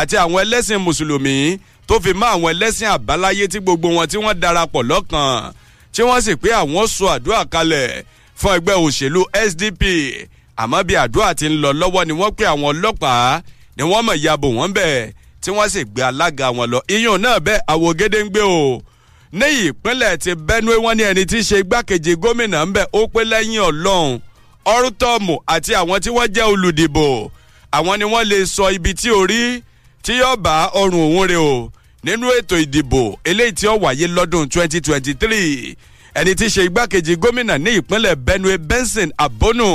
àti àwọn ẹlẹ́sìn mùsùlùmí tó fi mọ́ àwọn ẹlẹ́sìn àbáláyé tí gbogbo wọn tí wọ́n darapọ̀ lọ́kàn tí wọ́n sì pé àwọn sọ àdúrà kalẹ̀ fún ẹgbẹ́ òṣèlú SDP àmọ́ bí àdúrà ti ń lọ lọ́wọ́ ni wọ́n pé àwọn ọlọ́pàá ni wọ́n mọ̀ ya bò wọ́n bẹ̀ tí wọ́n sì gbé alága wọn lọ iyùn náà bẹ́ẹ̀ àwògede ń gbé o ní ìpínlẹ̀ ti benue wọ́n ní ẹni tí í ṣe igbákejì gómìnà ń bẹ̀ ó pé lẹ́yìn ọlọ́run ọ̀rútọ́ọ̀mù àti àwọn tí wọ́n jẹ́ olùdìbò àwọn ni wọ́n lè sọ ibi tí orí tí yóò bá ọrùn òun rè o nínú ètò ìdìbò eléyìí tí ó wáyé lọ́dún 2023 ẹni tí í ṣe igbákejì gómìnà ní ìpínlẹ̀ benue benson abonu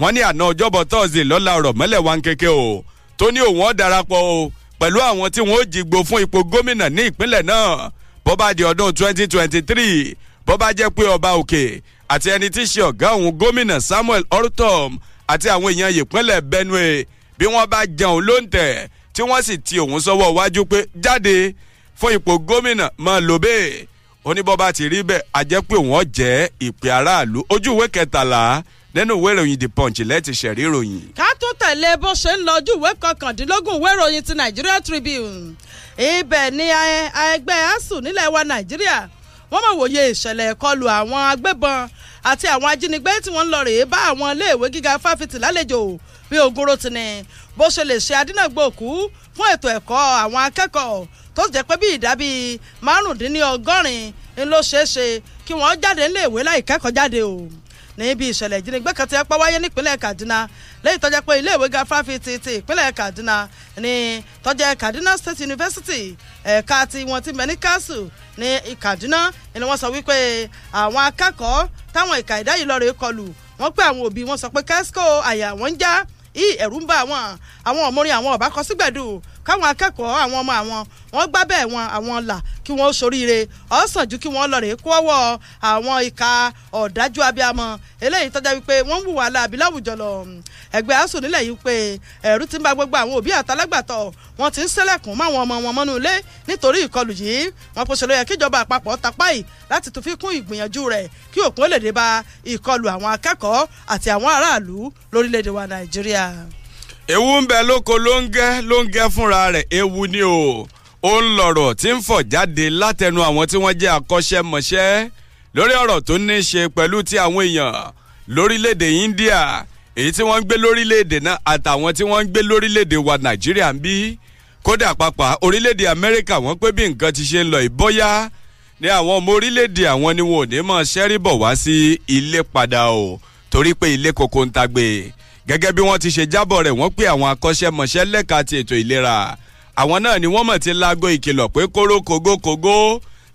wọ́n ní àná ọjọ́bọ̀ tọ́sí lọ́la ọ̀rọ̀ mọ́lẹ̀ wa ń o tó ní òun ó darapọ̀ o pẹ̀lú àwọn tí wọ́n ó jìgbò fún ipò gómìnà ní ìpínlẹ̀ náà bó bá di ọdún 2023 bó bá jẹ́ pé ọba òkè àti ẹni tí ṣe ọ̀gá òun gómìnà Samuel Ortom àti àwọn èèyàn ìpínlẹ̀ Benue bí wọ́n bá jẹun ló ń tẹ̀ tí wọ́n sì ti òun sọ́wọ́ wájú pé jáde fún ipò gómìnà máa lò bẹ́ẹ̀ ó ní bó bá ti rí bẹ́ẹ̀ a jẹ́ pé wọ́n jẹ́ ìpè aráàlú ojú ìwé kẹtàlá nínú ìwé ìròyìn The Punch lẹ́ẹ̀tì ṣẹ̀rí ìròyìn. ká tó tẹ̀lé bó ṣe ń lọ ojú ìwé kọkàndínlógún ìwé ìròyìn ti Nigeria Tribune ibẹ̀ ni ẹgbẹ́ asuu nílẹ̀ wa nàìjíríà wọ́n mọ̀ wòye ìṣẹ̀lẹ̀ ìkọlù àwọn agbébọn àti àwọn ajínigbé tí wọ́n ń lọ rèé bá àwọn iléèwé gíga fáfitì lálejò bí ogoro ti ní bó ṣe lè ṣe adínàgbò òkú fún ètò ẹ̀kọ́ àwọn akẹ́kọ̀ọ́ tó jẹ́ pé bí ìdá bíi márùndínlọ́gọ́rin ń ló ṣeé ṣe kí wọ́n jáde níléèwé láì kẹ́kọ̀ọ́ jáde o níbi ìṣẹ̀lẹ̀ ìjínigbé kan tí ẹ pọ́ wáyé nípínlẹ̀ Kaduna lẹ́yìn tó jẹ́ pé iléèwé ga fáfitì ti ìpínlẹ̀ Kaduna ní tó Kaduna State University ẹ̀ka tí wọ́n ti mẹ́ kásù ní Kaduna ni wọ́n sọ wípé àwọn akẹ́kọ̀ọ́ táwọn ìka ìdá yìí lọ́ọ́ rè kọlù wọ́n pé àwọn òbí wọn sọ pé kẹ́síkò àyà wọn ń já ẹ̀rù ń bá àwọn àwọn ọmọrin àwọn ọ̀bá kọ sígbẹ̀dù káwọn akẹ́kọ̀ọ́ àwọn ọmọ àwọn wọ́n gbá bẹ́ẹ̀ wọn àwọn là kí wọ́n soríire ọ̀sán ju kí wọ́n lọ rèé kó ọwọ́ àwọn ìka ọ̀dájú abiyamọ eléyìí tọ́já wípé wọ́n ń wùwà láàbí láwùjọ lọ ẹgbẹ́ asòun nílẹ̀ yìí pé ẹ̀rú ti ń ba gbogbo àwọn òbí àtàlágbàtọ̀ wọ́n ti ń ṣẹlẹ̀kùn máwọn ọmọ wọn mọ́nú ilé nítorí ìkọlù yìí wọn kò ṣe ló yẹ kíjọba àpapọ̀ tapá yìí láti tún fi kún ìgbìyànjú rẹ̀ kí òpin ó lè dé bá ìkọlù àwọn akẹ́kọ̀ọ́ àti àwọn aráàlú lórílẹ̀‐èdè wa nàìjíríà ewu ń bẹ lóko ló ń gẹ́ ló ń gẹ́ fúnra rẹ̀ ewu ni o ó ń lọ̀rọ̀ tí ń fọ̀ jáde látẹnu àwọn tí wọ́n jẹ́ akọ́ṣẹ́mọṣẹ́ lórí ọ̀rọ̀ tó ní í ṣe pẹ̀lú ti àwọn èèyàn lórílẹ̀ India èyí tí wọ́n ń gbé lórílẹ̀‐èdè náà àtàwọn tí wọ́n ń gbé lórílẹ̀‐èdè wa Nàìjíríà ń bí kódà pàápàá orílẹ̀‐èdè Amẹ́ríkà wọ́n pé bí nǹkan ti ṣe ń lọ ìbọ́yá ní àwọn ọmọ orílẹ̀‐èdè àwọn ni wọn ò ní mọ̀ ṣẹ́rí bọ̀ wá sí ilé padà o torí pé ilé koko ń tagbè gẹ́gẹ́ bí wọ́n ti ṣe jábọ̀ rẹ̀ wọ́n pé àwọn akọ́ṣẹ́mọṣẹ́ lẹ́ka ti ètò ìlera àwọn náà ni wọ́n mọ̀ ti láago ìkìlọ̀ pé kóró kògókògó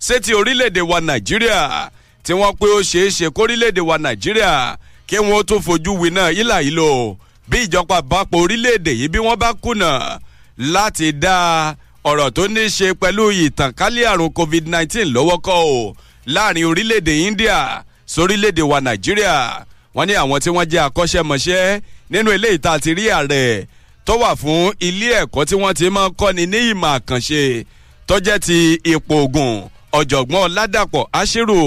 ṣé ti orílẹ̀-èdè wa nàìjíríà tí wọ́n pé ó ṣeé ṣe kórílẹ̀-èdè wa nàìjíríà kí wọ́n tó fojú winá ìlà yìí lò bí ìjọba àpapọ̀ orílẹ̀-èdè yìí bí wọ́n bá kùnà láti dá ọ̀rọ̀ tó ní ṣe pẹ̀lú ìtànkálẹ̀ àrùn covid-19 lọ́wọ́ kọ́ o láàrin orílẹ̀-èdè India sórílẹ̀-èdè wa nàìjíríà wọ́n ní àwọn tí wọ́n jẹ́ akọ́ṣẹ́mọṣẹ́ nínú ilé ìta ti rí ààrẹ tó wà fún ilé ẹ̀kọ́ tí wọ́n ti máa ń kọ́ni ní ìmọ̀ àkànṣe tó jẹ́ ti ipò ogun ọ̀jọ̀gbọ́n ládàpọ̀ àṣírò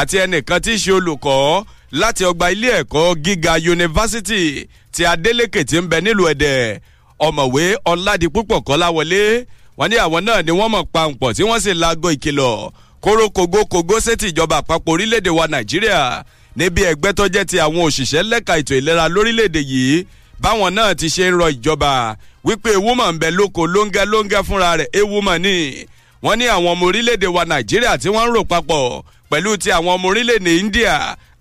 àti ẹnìkan tí í ṣe olùkọ́ láti ọgbà ilé ẹ̀kọ́ gíga yunifásitì ti Adeleke ti ń bẹ nílùú Ẹdẹ ọ̀mọ̀wé Ọládipúpọ̀ Kọ́láwọlé wọ́n ní àwọn náà ni wọ́n mọ̀ paǹpọ̀ tí wọ́n sì laago ìkìlọ̀ kóró kogokogo sétí àpapọ̀ orílẹ̀-èdè wa Nàìjíríà níbi ẹgbẹ́ tó jẹ́ ti àwọn òṣìṣẹ́ lẹ́ka ètò ìlera lórílẹ̀‐èdè yìí báwọn náà ti ṣe ń rọ ìjọba wípé ewu mà ń bẹ lóko lóńgẹ́ lóńgẹ́ fúnra rẹ̀ ewu mà ní wọ́n ní àwọn ọmọ orílẹ̀‐èdè wa Nàìjíríà tí wọ́n ń rò papọ̀ pẹ̀lú ti àwọn ọmọ orílẹ̀‐èdè India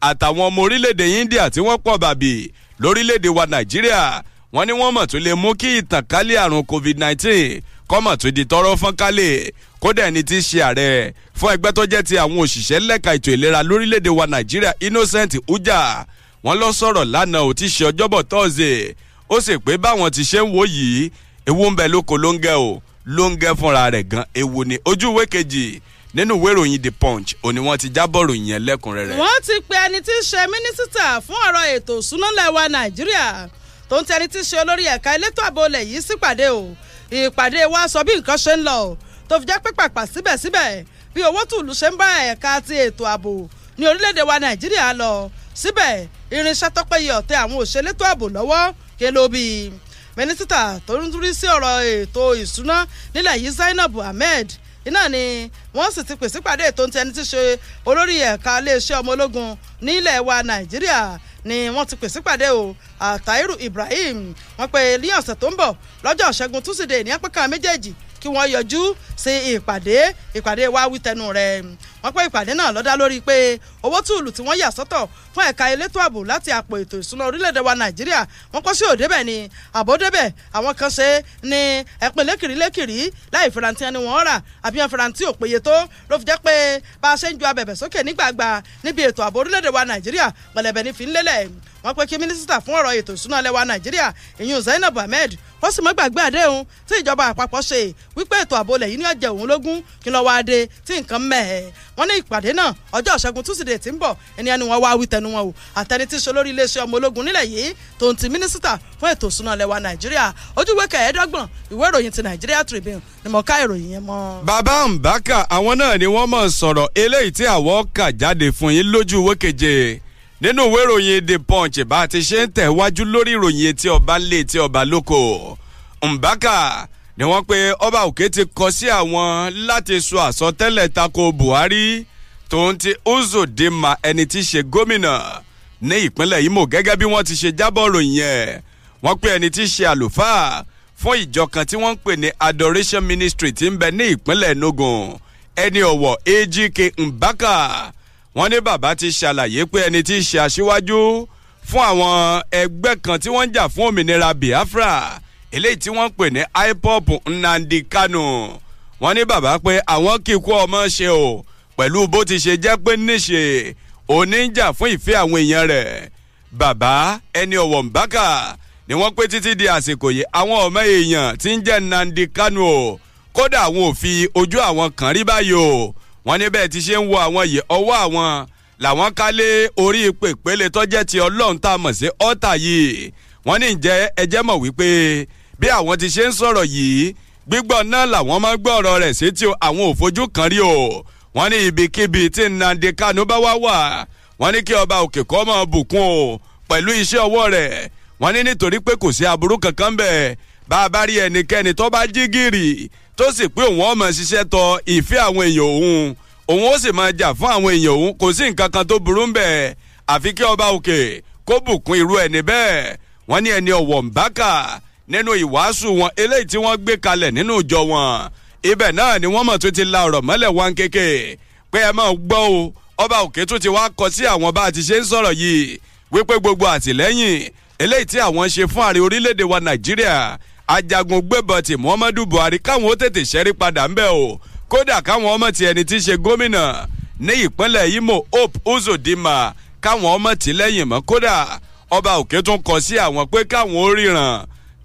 àtàwọn ọmọ orílẹ̀‐èdè India tí wọ́n pọ̀ bàbí lórílẹ̀‐èdè wa Nàìjíríà wọ́n ní wọ́n mọ̀ tó lè mú kí ìtànkálẹ̀ àrùn COVID-19 kọ́mọ̀ tó di tọ́rọ́ fọ́nkálẹ̀ kódà ẹni tí í ṣe ààrẹ fún ẹgbẹ́ tó jẹ́ ti àwọn òṣìṣẹ́ lẹ́ka ètò ìlera lórílẹ̀‐èdè wa nàìjíríà innocent uja wọ́n lọ sọ̀rọ̀ lánàá ò ti ṣe ọjọ́bọ̀ tọ́sídẹ̀ẹ́ ó sì pé báwọn ti ṣe ń wò yìí ewu ń bẹ lóko ló ń gẹ o ló ń gẹ fúnra rẹ̀ gan ewu ni ojú ìwé kejì nínú ìwé ìròyìn the punch òní wọ́n ti jábọ̀ ròyìn yẹn lẹ́kùnrẹ́rẹ́. wọ́n ti pe ẹni tí í ṣe mínísítà fún ọ̀rọ̀ ètò ìsúná lẹ́wà nàìjíríà tó ń tẹni tí í ṣe olórí ẹ̀ka elétò ààbò yìí sípàdé o ìpàdé wa sọ bí nǹkan ṣe ń lọ tó fi jẹ́ pé pàpà síbẹ̀síbẹ̀ bí owó tùlù ṣe ń bá ẹ̀ka ti ètò ààbò ní orílẹ̀-èdè wa nàìjíríà lọ síbẹ̀ irinṣẹ́ tọ́pẹ́yẹ ọ̀tẹ̀ àwọn òṣèlétò ààbò lọ́wọ́ ké ló bí mínísítà tó ń dúrí sí ọ̀rọ̀ ètò ìsúná nílẹ̀ yìí zainab ahmed iná ni wọ́n sì ti pèsè pàdé ètò ti ẹni tí ṣe olórí ẹ̀ka iléeṣẹ́ ọmọ ológun nílẹ̀ wa nàìjíríà ni wọ́n ti pèsè pàdé o àtàírù ibrahim wọ́n pe ní ọ̀sẹ̀ tó ń bọ̀ lọ́jọ́ ṣẹ́gun túsídẹ̀ẹ́ ní apẹ́ka méjèèjì kí wọ́n yọjú sí ìpàdé ìpàdé wa wí tẹnu rẹ̀ wọ́n pé ìpàdé náà lọ́dá lórí pé owó túùlù tí wọ́n yà sọ́tọ̀ fún ẹ̀ka elétò ààbò láti àpò ètò ìsúná orílẹ̀-èdè wa nàìjíríà wọ́n kọ́ sí òdebẹ̀ ni àbódébẹ̀ àwọn kan ṣe ni ẹ̀pin lékìrí lékìrí láì fìrántí ẹni wọ́n rà àbí wọn fìrántí ò péye tó ló fi jẹ́ pé bá a ṣe ń ju abẹ̀bẹ̀ sókè nígbàgbà níbi ètò ààbò orílẹ̀-èdè wa nàìjíríà pẹ̀lẹ́bẹ̀ ní fi ń lélẹ̀ wọ́n pé kí mínísítà fún ọ̀rọ̀ ètò ìsúná lẹ́wà nàìjíríà ìyún zainab ahmed ó sì mọ́ gbàgbé àdéhùn tí ìjọba àpapọ̀ ṣe wípé ètò ààbò lẹ́yìn ní ọ̀jẹ̀ òun lógún kí lọ́ wá dé tí nǹkan mẹ́ẹ̀ wọ́n ní ìpàdé náà ọjọ́ ìṣẹ́gun túsídẹ̀ẹ́ tí ń bọ̀ ẹni ẹni wọn wá wí tẹnu wọn o àtẹni tí ṣe lórí iléeṣẹ́ ọmọ ológun nílẹ̀ yìí tòun ti mínísítà fún ètò ìsúná lẹ́wà nàìjíríà ojúwe kẹẹ̀ẹ́dọ́gbọ̀n ìwé ìròyìn ti nàìjíríà tribune ni mo ká ìròyìn yẹn mọ́. bàbá mbàkà àwọn náà ni wọ́n mọ̀ sọ̀rọ̀ eléyìí tí àwọn kà jáde fún yín lójú wókèje nínú ìwé ìròyìn the punch bá a ti ṣe ń tẹ̀wájú lórí ìròyìn etí ọba lé etí ọba lóko mbaka ni wọ́n pe ọba òkè ti kọ sí àwọn láti sọ àsọtẹ́lẹ̀ tako buhari tòun ti uzodinma ẹni tí í ṣe gómìnà ní ìpínlẹ̀ imo gẹ́gẹ́ bí wọ́n ti ṣe jábọ̀ ròyìn ẹ̀ wọ́n pe ẹni tí í ṣe àlùfáà fún ìjọ kan tí wọ́n ń pè ní adoration ministry tí ń bẹ ní ìpínlẹ̀ enugu ẹni ọ̀wọ̀ ejike mbaka wọ́n ní bàbá ti ṣàlàyé pé ẹni tí í ṣe aṣíwájú fún àwọn ẹgbẹ́ kan tí wọ́n ń jà fún òmìnira Biafra eléyìí tí wọ́n ń pè ní IPOB Nnamdi Kanu wọ́n ní bàbá pé àwọn kíkú ọmọ ṣe o pẹ̀lú bó ti ṣe jẹ́ pé níṣe òní ń jà fún ìfẹ́ àwọn èèyàn rẹ̀ bàbá ẹni ọ̀wọ̀ Mbaka ni wọ́n pé títí di àsìkò yìí àwọn ọmọ èèyàn tí ń jẹ́ Nnamdi Kanu o kódà àwọn ò fi ojú àwọn kan rí báyìí o wọ́n ní bẹ́ẹ̀ ti ṣe ń wo àwọn yìí ọwọ́ àwọn làwọn ká lé orí ipò ìpele tọ́jẹ́ ti ọlọ́run tá a mọ̀ sí ọ́tà yìí wọ́n ní ǹjẹ́ ẹjẹ́ mọ̀ wípé bí àwọn ti ṣe ń sọ̀rọ̀ yìí gbígbọ́ náà làwọn máa ń gbọ́ ọ̀rọ̀ rẹ̀ sí tí àwọn ò fojú kan rí o wọ́n ní ibikíbi tí Nnamdi Kanu bá wá wà wọ́n ní kí ọba òkè kọ́ máa bùkún o pẹ̀lú iṣẹ́ ọwọ́ rẹ̀ wọ́n ní nítorí pé kò sí aburú kankan bẹ́ẹ̀ bá a bá rí ẹnikẹ́ni tó bá jí gìrì tó sì pé òun ó máa ṣiṣẹ́ tọ ìfẹ́ àwọn èèyàn òun òun ó sì máa jà fún àwọn èèyàn òun kò sí nǹkan kan tó burú ń bẹ̀ àfi kí ọba òkè kó bùkún irú ẹni bẹ́ẹ̀ wọ́n ní ẹni ọ̀wọ̀ ń bákà nínú ìwàásù wọn eléyìí tí wọ́n gbé kalẹ̀ nínú ìjọ wọn ibẹ̀ náà ni wọ́n mọ̀ tó ti la ọ̀rọ̀ mọ́lẹ̀ wọn kéke pé ẹ máa gbọ́ o ọba òkè tó ti wá kọ sí àwọn bá a ti ṣe ń sọ̀rọ̀ yìí wípé gbogbo àtìlẹ́yìn eléyìí tí àwọn ṣe fún ààrẹ orílẹ̀-èdè wa nàìjíríà ajagun gbébọn ti muhammadu buhari káwọn ó tètè ṣẹ́rí padà ńbẹ̀ o kódà káwọn ọmọ ti ẹni tí í ṣe gómìnà ní ìpínlẹ̀ imo hope uzodinma káwọn ọmọ ti lẹ́yìn mọ́ kódà ọba òkè tún kọ sí àwọn pé káwọn ó ríran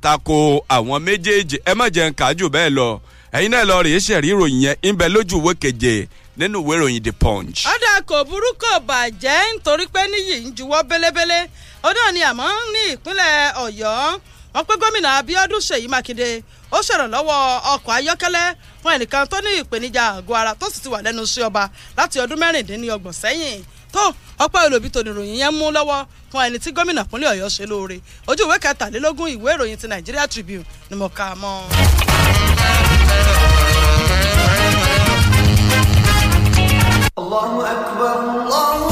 tako àwọn méjèèjì ẹ má jẹ́ ń kà jù bẹ́ẹ̀ lọ ẹ̀yin náà lọ rèé ṣẹ̀rí ìròyìn yẹn ń bẹ lójú ìwé keje nínú ìwé ìròyìn the punch. ọ̀dà kò burúkú bàjẹ́ nítorí pé níyì ń juwọ́ bélébélé ọdún ni àmọ́ ní ìpínlẹ̀ ọ̀yọ́ wọn pé gómìnà Abíọ́dún Ṣèyí Mákindé ó ṣèrànlọ́wọ́ ọkọ̀ ayọ́kẹ́lẹ́ fún ẹnìkan tó ní ìpèníjà àgọ́ ara tó sì ti wà lẹ́nu ọba láti ọdún mẹ́rìndínlọ́gbọ̀n sẹ́yìn tó ọpẹ́ olóbi tó nìròyìn yẹn mú lọ́wọ́ fún ẹni tí gómìnà ṣe lóore ojú ìwé kẹtàlélógún ìwé ti Nigeria Tribune ni mo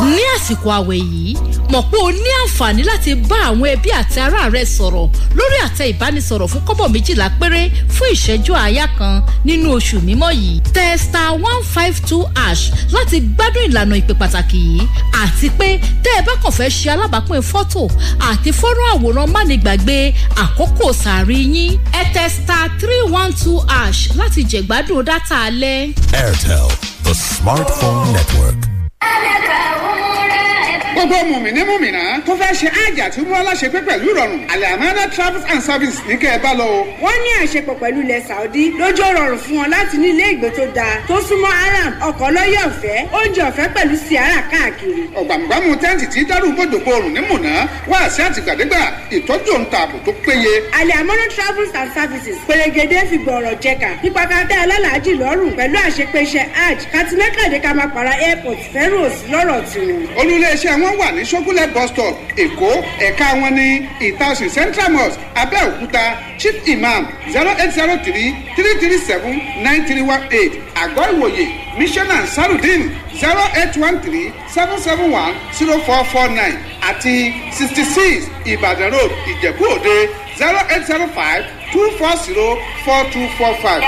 ní àsìkò àwẹ̀ yìí mọ̀ pé o ní àǹfààní láti bá àwọn ẹbí àti ará rẹ sọ̀rọ̀ lórí àtẹ ìbánisọ̀rọ̀ fún kọ́bọ̀ méjìlá péré fún ìṣẹ́jú àáyá kan nínú oṣù mímọ́ yìí tẹ one five two ash láti gbádùn ìlànà ìpè pàtàkì yìí àti pé tẹ́ ẹ bá kàn fẹ́ ṣe alábàápín fọ́tò àti fọ́nrán àwòrán mánigbàgbé àkókò sàárì yín ẹ tẹ three one two ash láti jẹ̀gbádùn dátà alẹ́. airtel the Smartphone Network. gbogbo mùmìnì mùmìnà tó fẹ́ ṣe àjà tí wọ́n láṣepẹ́ pẹ̀lú ìrọ̀rùn alamada travels and service ní kẹ́ ẹ bá lọ o. wọ́n ní àṣepọ̀ pẹ̀lú ilẹ̀ saudi lójó rọrùn fún wọn láti ní ilé ìgbé tó dáa tó súnmọ́ aram ọkọ̀ lọ́yẹ̀ ọ̀fẹ́ oúnjẹ ọ̀fẹ́ pẹ̀lú siara káàkiri. ọ̀gbàmùgbàmù tẹ́ǹtì tí dárú gbọdọ̀ gbòòrùn ní mùnà wá sí àtìgbàdégbà ìtọ́jú òǹtà ààbò tó péye. alamada travels and services pèrègèdè fi gbọ̀rọ̀ jẹ̀ka nípa ká dá alálàájì lọ́rùn pẹ̀lú àṣepẹ̀ṣẹ̀ hajj kàtìlẹ́kàdé ká máa pààrà airport fẹ́r rose lọ́rọ̀ tiwọn. olùléeṣẹ́ wọn wà ní sógúnlẹ̀ bus stop èkó ẹ̀ka wọn ní ìtàsí central mosque abẹ́òkúta chief imam zero eight zero three three three seven nine three one eight àgọ́ ìwòye mission and sarudin zero eight one three seven seven one zero four four nine àti sixty six ìbàdàn road ìjẹ̀bú òde zero eight zero five two four zero four two four five.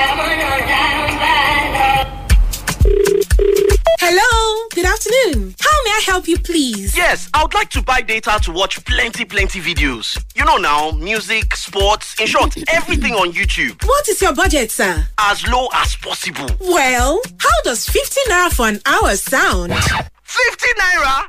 I help you, please? Yes, I would like to buy data to watch plenty, plenty videos. You know now, music, sports, in short, everything on YouTube. What is your budget, sir? As low as possible. Well, how does 50 naira for an hour sound? 50 naira?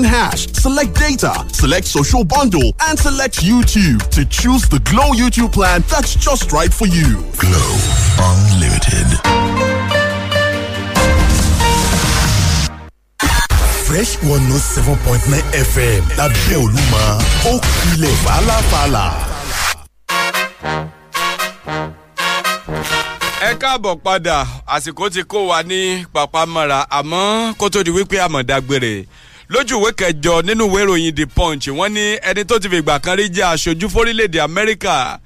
open hash, select data, select social bundle, and select YouTube to choose the Glow YouTube plan that's just right for you. Glow Unlimited. fresh one note oh seven point nine fm lábẹ́ olúmọ ó kulẹ̀ fàlàfàlà. ẹ káàbọ̀ padà àsìkò tí kò wá ní pàpàmọ́ra àmọ́ kó tó di wípé àmọ̀dágbére lójú ìwé kẹjọ nínú ìwé ìròyìn the punch wọ́n ní ẹni tó ti fi ìgbà kan rí jẹ́ aṣojú fórílẹ̀-èdè amẹ́ríkà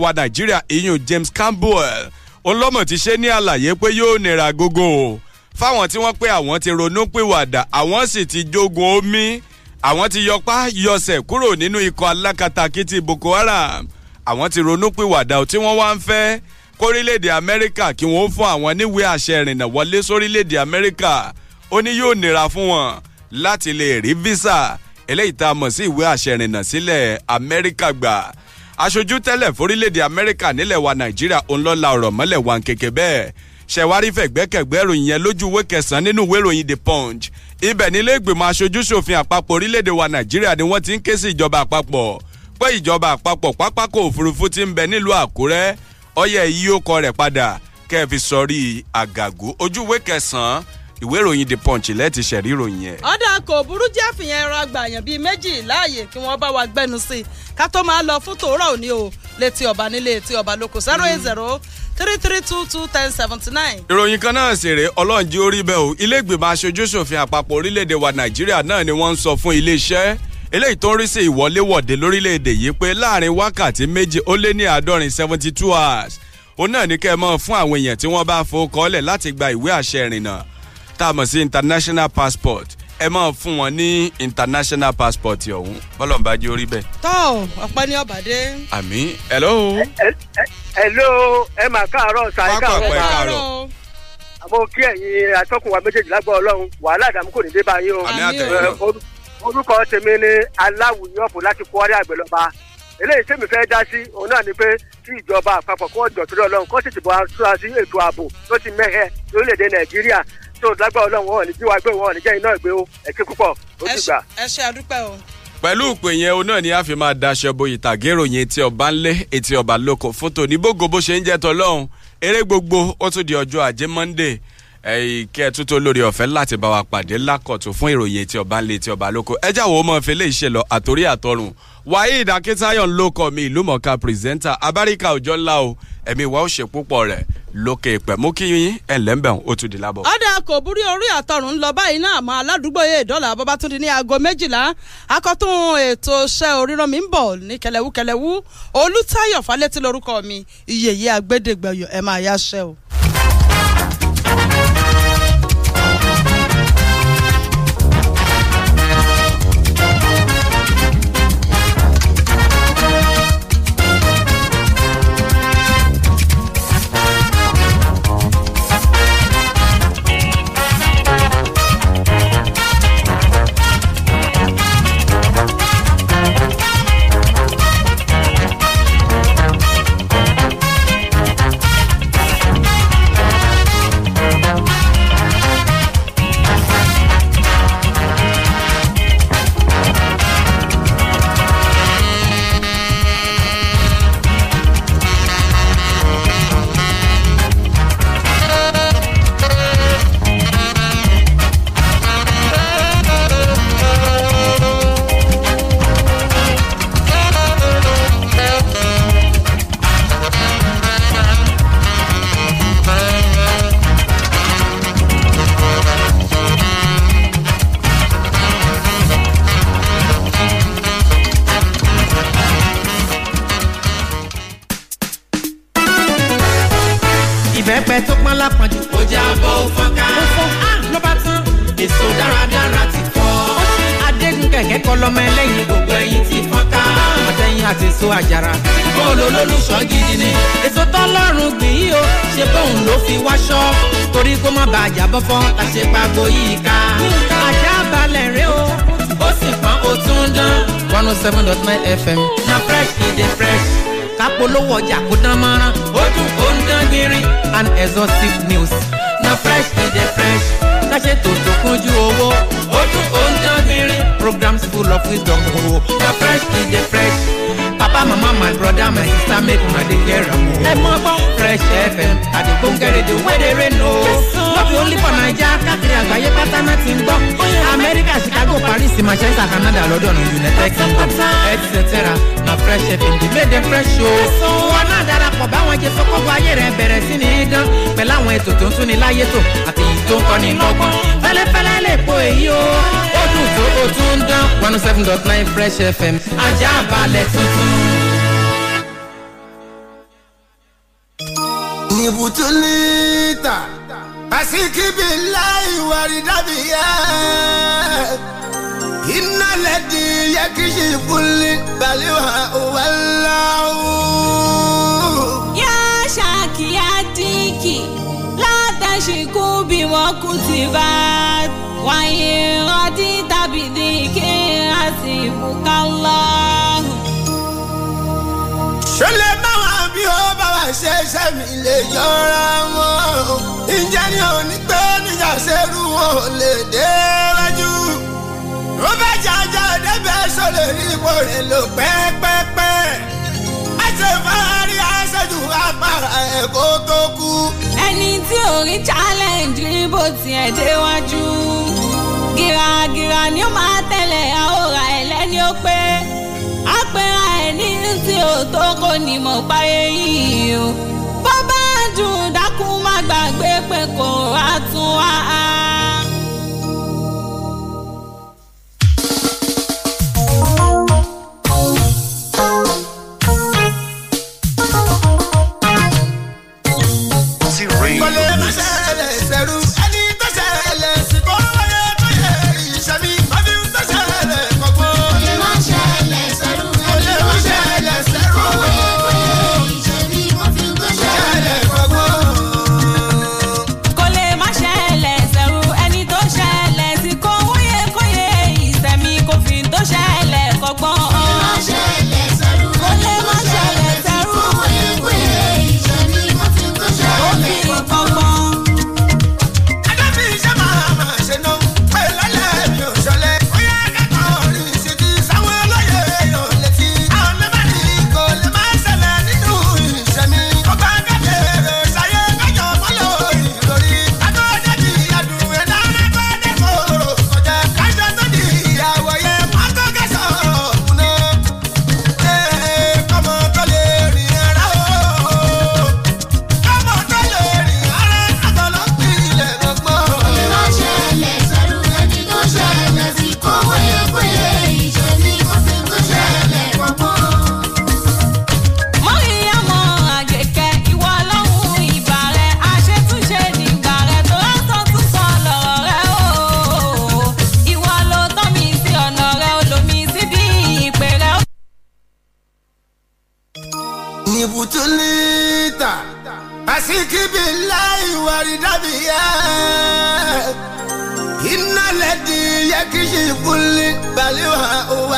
wa nàìjíríà ìyún james campbell olómọ ti ṣe ní àlàyé pé yóò nira gógó fáwọn tí wọ́n pé àwọn ti ronú pìwàdà àwọn sì ti jogun omi àwọn ti yọpá yọsẹ̀ kúrò nínú ikọ̀ alákatakí ti boko haram àwọn ti ronú pìwàdà tí wọ́n wá ń fẹ́ kórílẹ̀-èdè amẹ́ríkà kí wọ́n fún àwọn níwèé àṣẹ ìrìnnà wọlé sórílẹ̀-èdè ó ní yóò nira fún wọn láti lè rí visa eléyìí tá a mọ̀ sí ìwé àṣẹrìnnà sílẹ̀ Amẹ́ríkà gbà aṣojú tẹ́lẹ̀ forílẹ̀-èdè Amẹ́ríkà nílẹ̀ wa Nàìjíríà òun ló la ọ̀rọ̀ mọ́lẹ̀ wa kéke bẹ́ẹ̀ ṣẹ̀wárí fẹ̀gbẹ́kẹ̀gbẹ́ ìròyìn yẹn lójú ìwé kẹsàn-án nínú ìwé ìròyìn The Punch ibẹ̀ nílé ìgbìmọ̀ aṣojú ṣòfin àpapọ̀ orílẹ̀-èdè wa Nàìjíríà ni wọ́n ti ń ké sí ìjọba àpapọ̀ pé ìjọba àpapọ̀ pápákọ̀ òfurufú ti ń bẹ nílùú Àkúrẹ́ ó yẹ yí ó kọ rẹ̀ padà kẹ́ẹ̀ fi sọrí àgàgù ojú ìwé kẹsàn-án ìwé ìròyìn the punch lẹ́ẹ̀tì ṣẹ̀rí ìròyìn yẹn. ọ̀dà kò burú jẹ́ àfihàn ẹran àgbàyàn bíi méjì láàyè kí wọ́n bá wa gbẹ́nu sí i ká tó máa lọ fún tòórọ́ òní o létí ọba nílé etí ọba lóko zero eight zero three three two two ten seventy nine. ìròyìn kan náà sì ọlọ́ọ̀jì orí bẹ́ẹ̀ o ilé ìgbìmọ̀ aṣojú ṣòfin àpapọ̀ orílẹ̀-èdè wa nàìjíríà náà ni wọ́n ń sọ fún iléeṣẹ́ eléyìí tó ń rí sí ìwọléwọ̀de lórílẹ̀‐èdè yìí pé láàrin wákàtí méje ó lé ní àádọ́rin seventy two hours òun náà ní kẹ́ ẹ mọ́ fún àwọn èèyàn tí wọ́n bá fowó kọ́lẹ̀ láti gba ìwé àṣẹ ìrìnnà tá a mọ̀ sí international passport ẹ máa fún wọn ní international passport ọ̀hún bọ́lọ̀ bá jẹ́ orí bẹ́ẹ̀. tọ́ ọ̀pẹ ní ọ̀bàdé. àmì hello. hello ẹ mà káàárọ̀ sa ẹ káàárọ̀. pápá ẹ káàárọ̀. àmọ́ kí ẹ̀yin atọ́kùn wa méjèèjì lágbọ́ ọlọ́run wàhálà àdàmú kò ní dé báyìí o. àmì àtẹ̀yìn orúkọ tèmi ni aláwùjọ ọ̀pọ̀ láti Kwari àgbẹ̀lọba eléyìí tèmi fẹ́ dá sí òun náà ni pé tó lágbára ọlọ́run wọn ò ní bí wàá gbé wọn ò ní jẹ́ iná ìgbé o ẹ̀kí púpọ̀ ó ti gbà. ẹ ṣe àdúpẹ́ o. pẹ̀lú ìpè yẹn o náà ni a fi máa daṣọ bo ìtàgé ìròyìn etí ọba ńlẹ̀ etí ọba lóko fótó ní bógo bó ṣe ń jẹ́ tọ́lọ́run eré gbogbo ó tún di ọjọ́ ajé Monday ìkẹ́ tuntun lórí ọ̀fẹ́ láti bá wa pàdé lákọ̀tún fún ìròyìn etí ọba ńlẹ̀ etí ọba lóko ẹjá wo mọ̀ fẹ́lẹ́ ìṣẹ̀lọ àtòrí àtọrùn waheed akintayo lóko mi ìlúmọ̀ọ́ká pírẹsẹ́ńtà abáríkà òjò ńlá o ẹ̀mí wa ó ṣe púpọ̀ rẹ̀ lókè ìpẹ́ mú kí yín ẹlẹ́mbẹ̀hún ó tún di lábọ̀. ọ̀dà kò burú orí àtọ̀run ń lọ báyìí náà àmọ́ aládùúgbò yé ìdọ́là babatunde ní aago méjìlá akọ́tún ètò iṣẹ́ oríran mi ń bọ̀ ní kẹlẹ́wú kẹlẹ́wú olùtayọ̀ falẹ́tì lórúkọ mi iyeye agbẹ́dẹ́gbẹ̀yọ̀ ẹ̀ máa yá ṣẹ́ o. one oh seven dot nine fm. na fresh e dey fresh. ká polówó ọjà kó dán mọ́rán. ó dùn ń dán gbinrin. an exhaustive news. na fresh e dey fresh. ká ṣe tòótọ́ kúnjú owó. ó dùn ń dán gbinrin. programs full of wisdom. Oh. na fresh e dey fresh papa mama my brother my sister make una dey hear am o. ẹ mọ gbọ́ fresh fm àdìgbòǹgẹ̀ rédíò wẹ́n dey rain o. no be only for naija káàkiri àgbáyé pátá náà ti ń gbọ́. Oh, amẹ́ríkà chicago paris manchester canada london united kingdom etc na fresh fm dey make dem fresh o. Oh. wọn náà darapọ̀ báwọn jẹ sọ́kọ́ bọ́ ayé rẹ̀ bẹ̀rẹ̀ sí ní í dán pẹ̀lú àwọn ètò tó ń tún ni láyé tó tó ń kọ́ni lọ́gbọ́n fẹ́lẹ́fẹ́lẹ́ lè po èyí o ó dùn tó o tún ń dán one oh seven dot nine fresh fm ajá balẹ̀ tuntun. nibutulita asikibi lai wari dabi ya iná lẹ́dí yẹ kí ṣe kúlí balẹ̀ wàláwù. تمسكوا بما كتبت وإن رضيت بذيك حسبك الله. ṣọlẹ̀ báwa bí ó báwa ṣe ṣe mi lè jọra wọn ǹjẹ́ ni ò ní pé níjà ṣerú wọn ò lè dé wájú. ó bá jàjà débẹ̀ sọ lè ipò rẹ̀ lò pẹ́pẹ́pẹ́ bá para ẹ̀ kó tó kú. ẹni tí ò rí challenge rí bó tiẹ̀ déwájú. gìràgìrà ni ó máa tẹ̀lé àhóra ẹ̀ lẹ́ni ó pé. àpẹẹrẹ ẹ̀ ní tí ò tó kò ní mọ̀ páyé yìí o. bó dùn dákú má gbàgbé pé kò rà tún wá.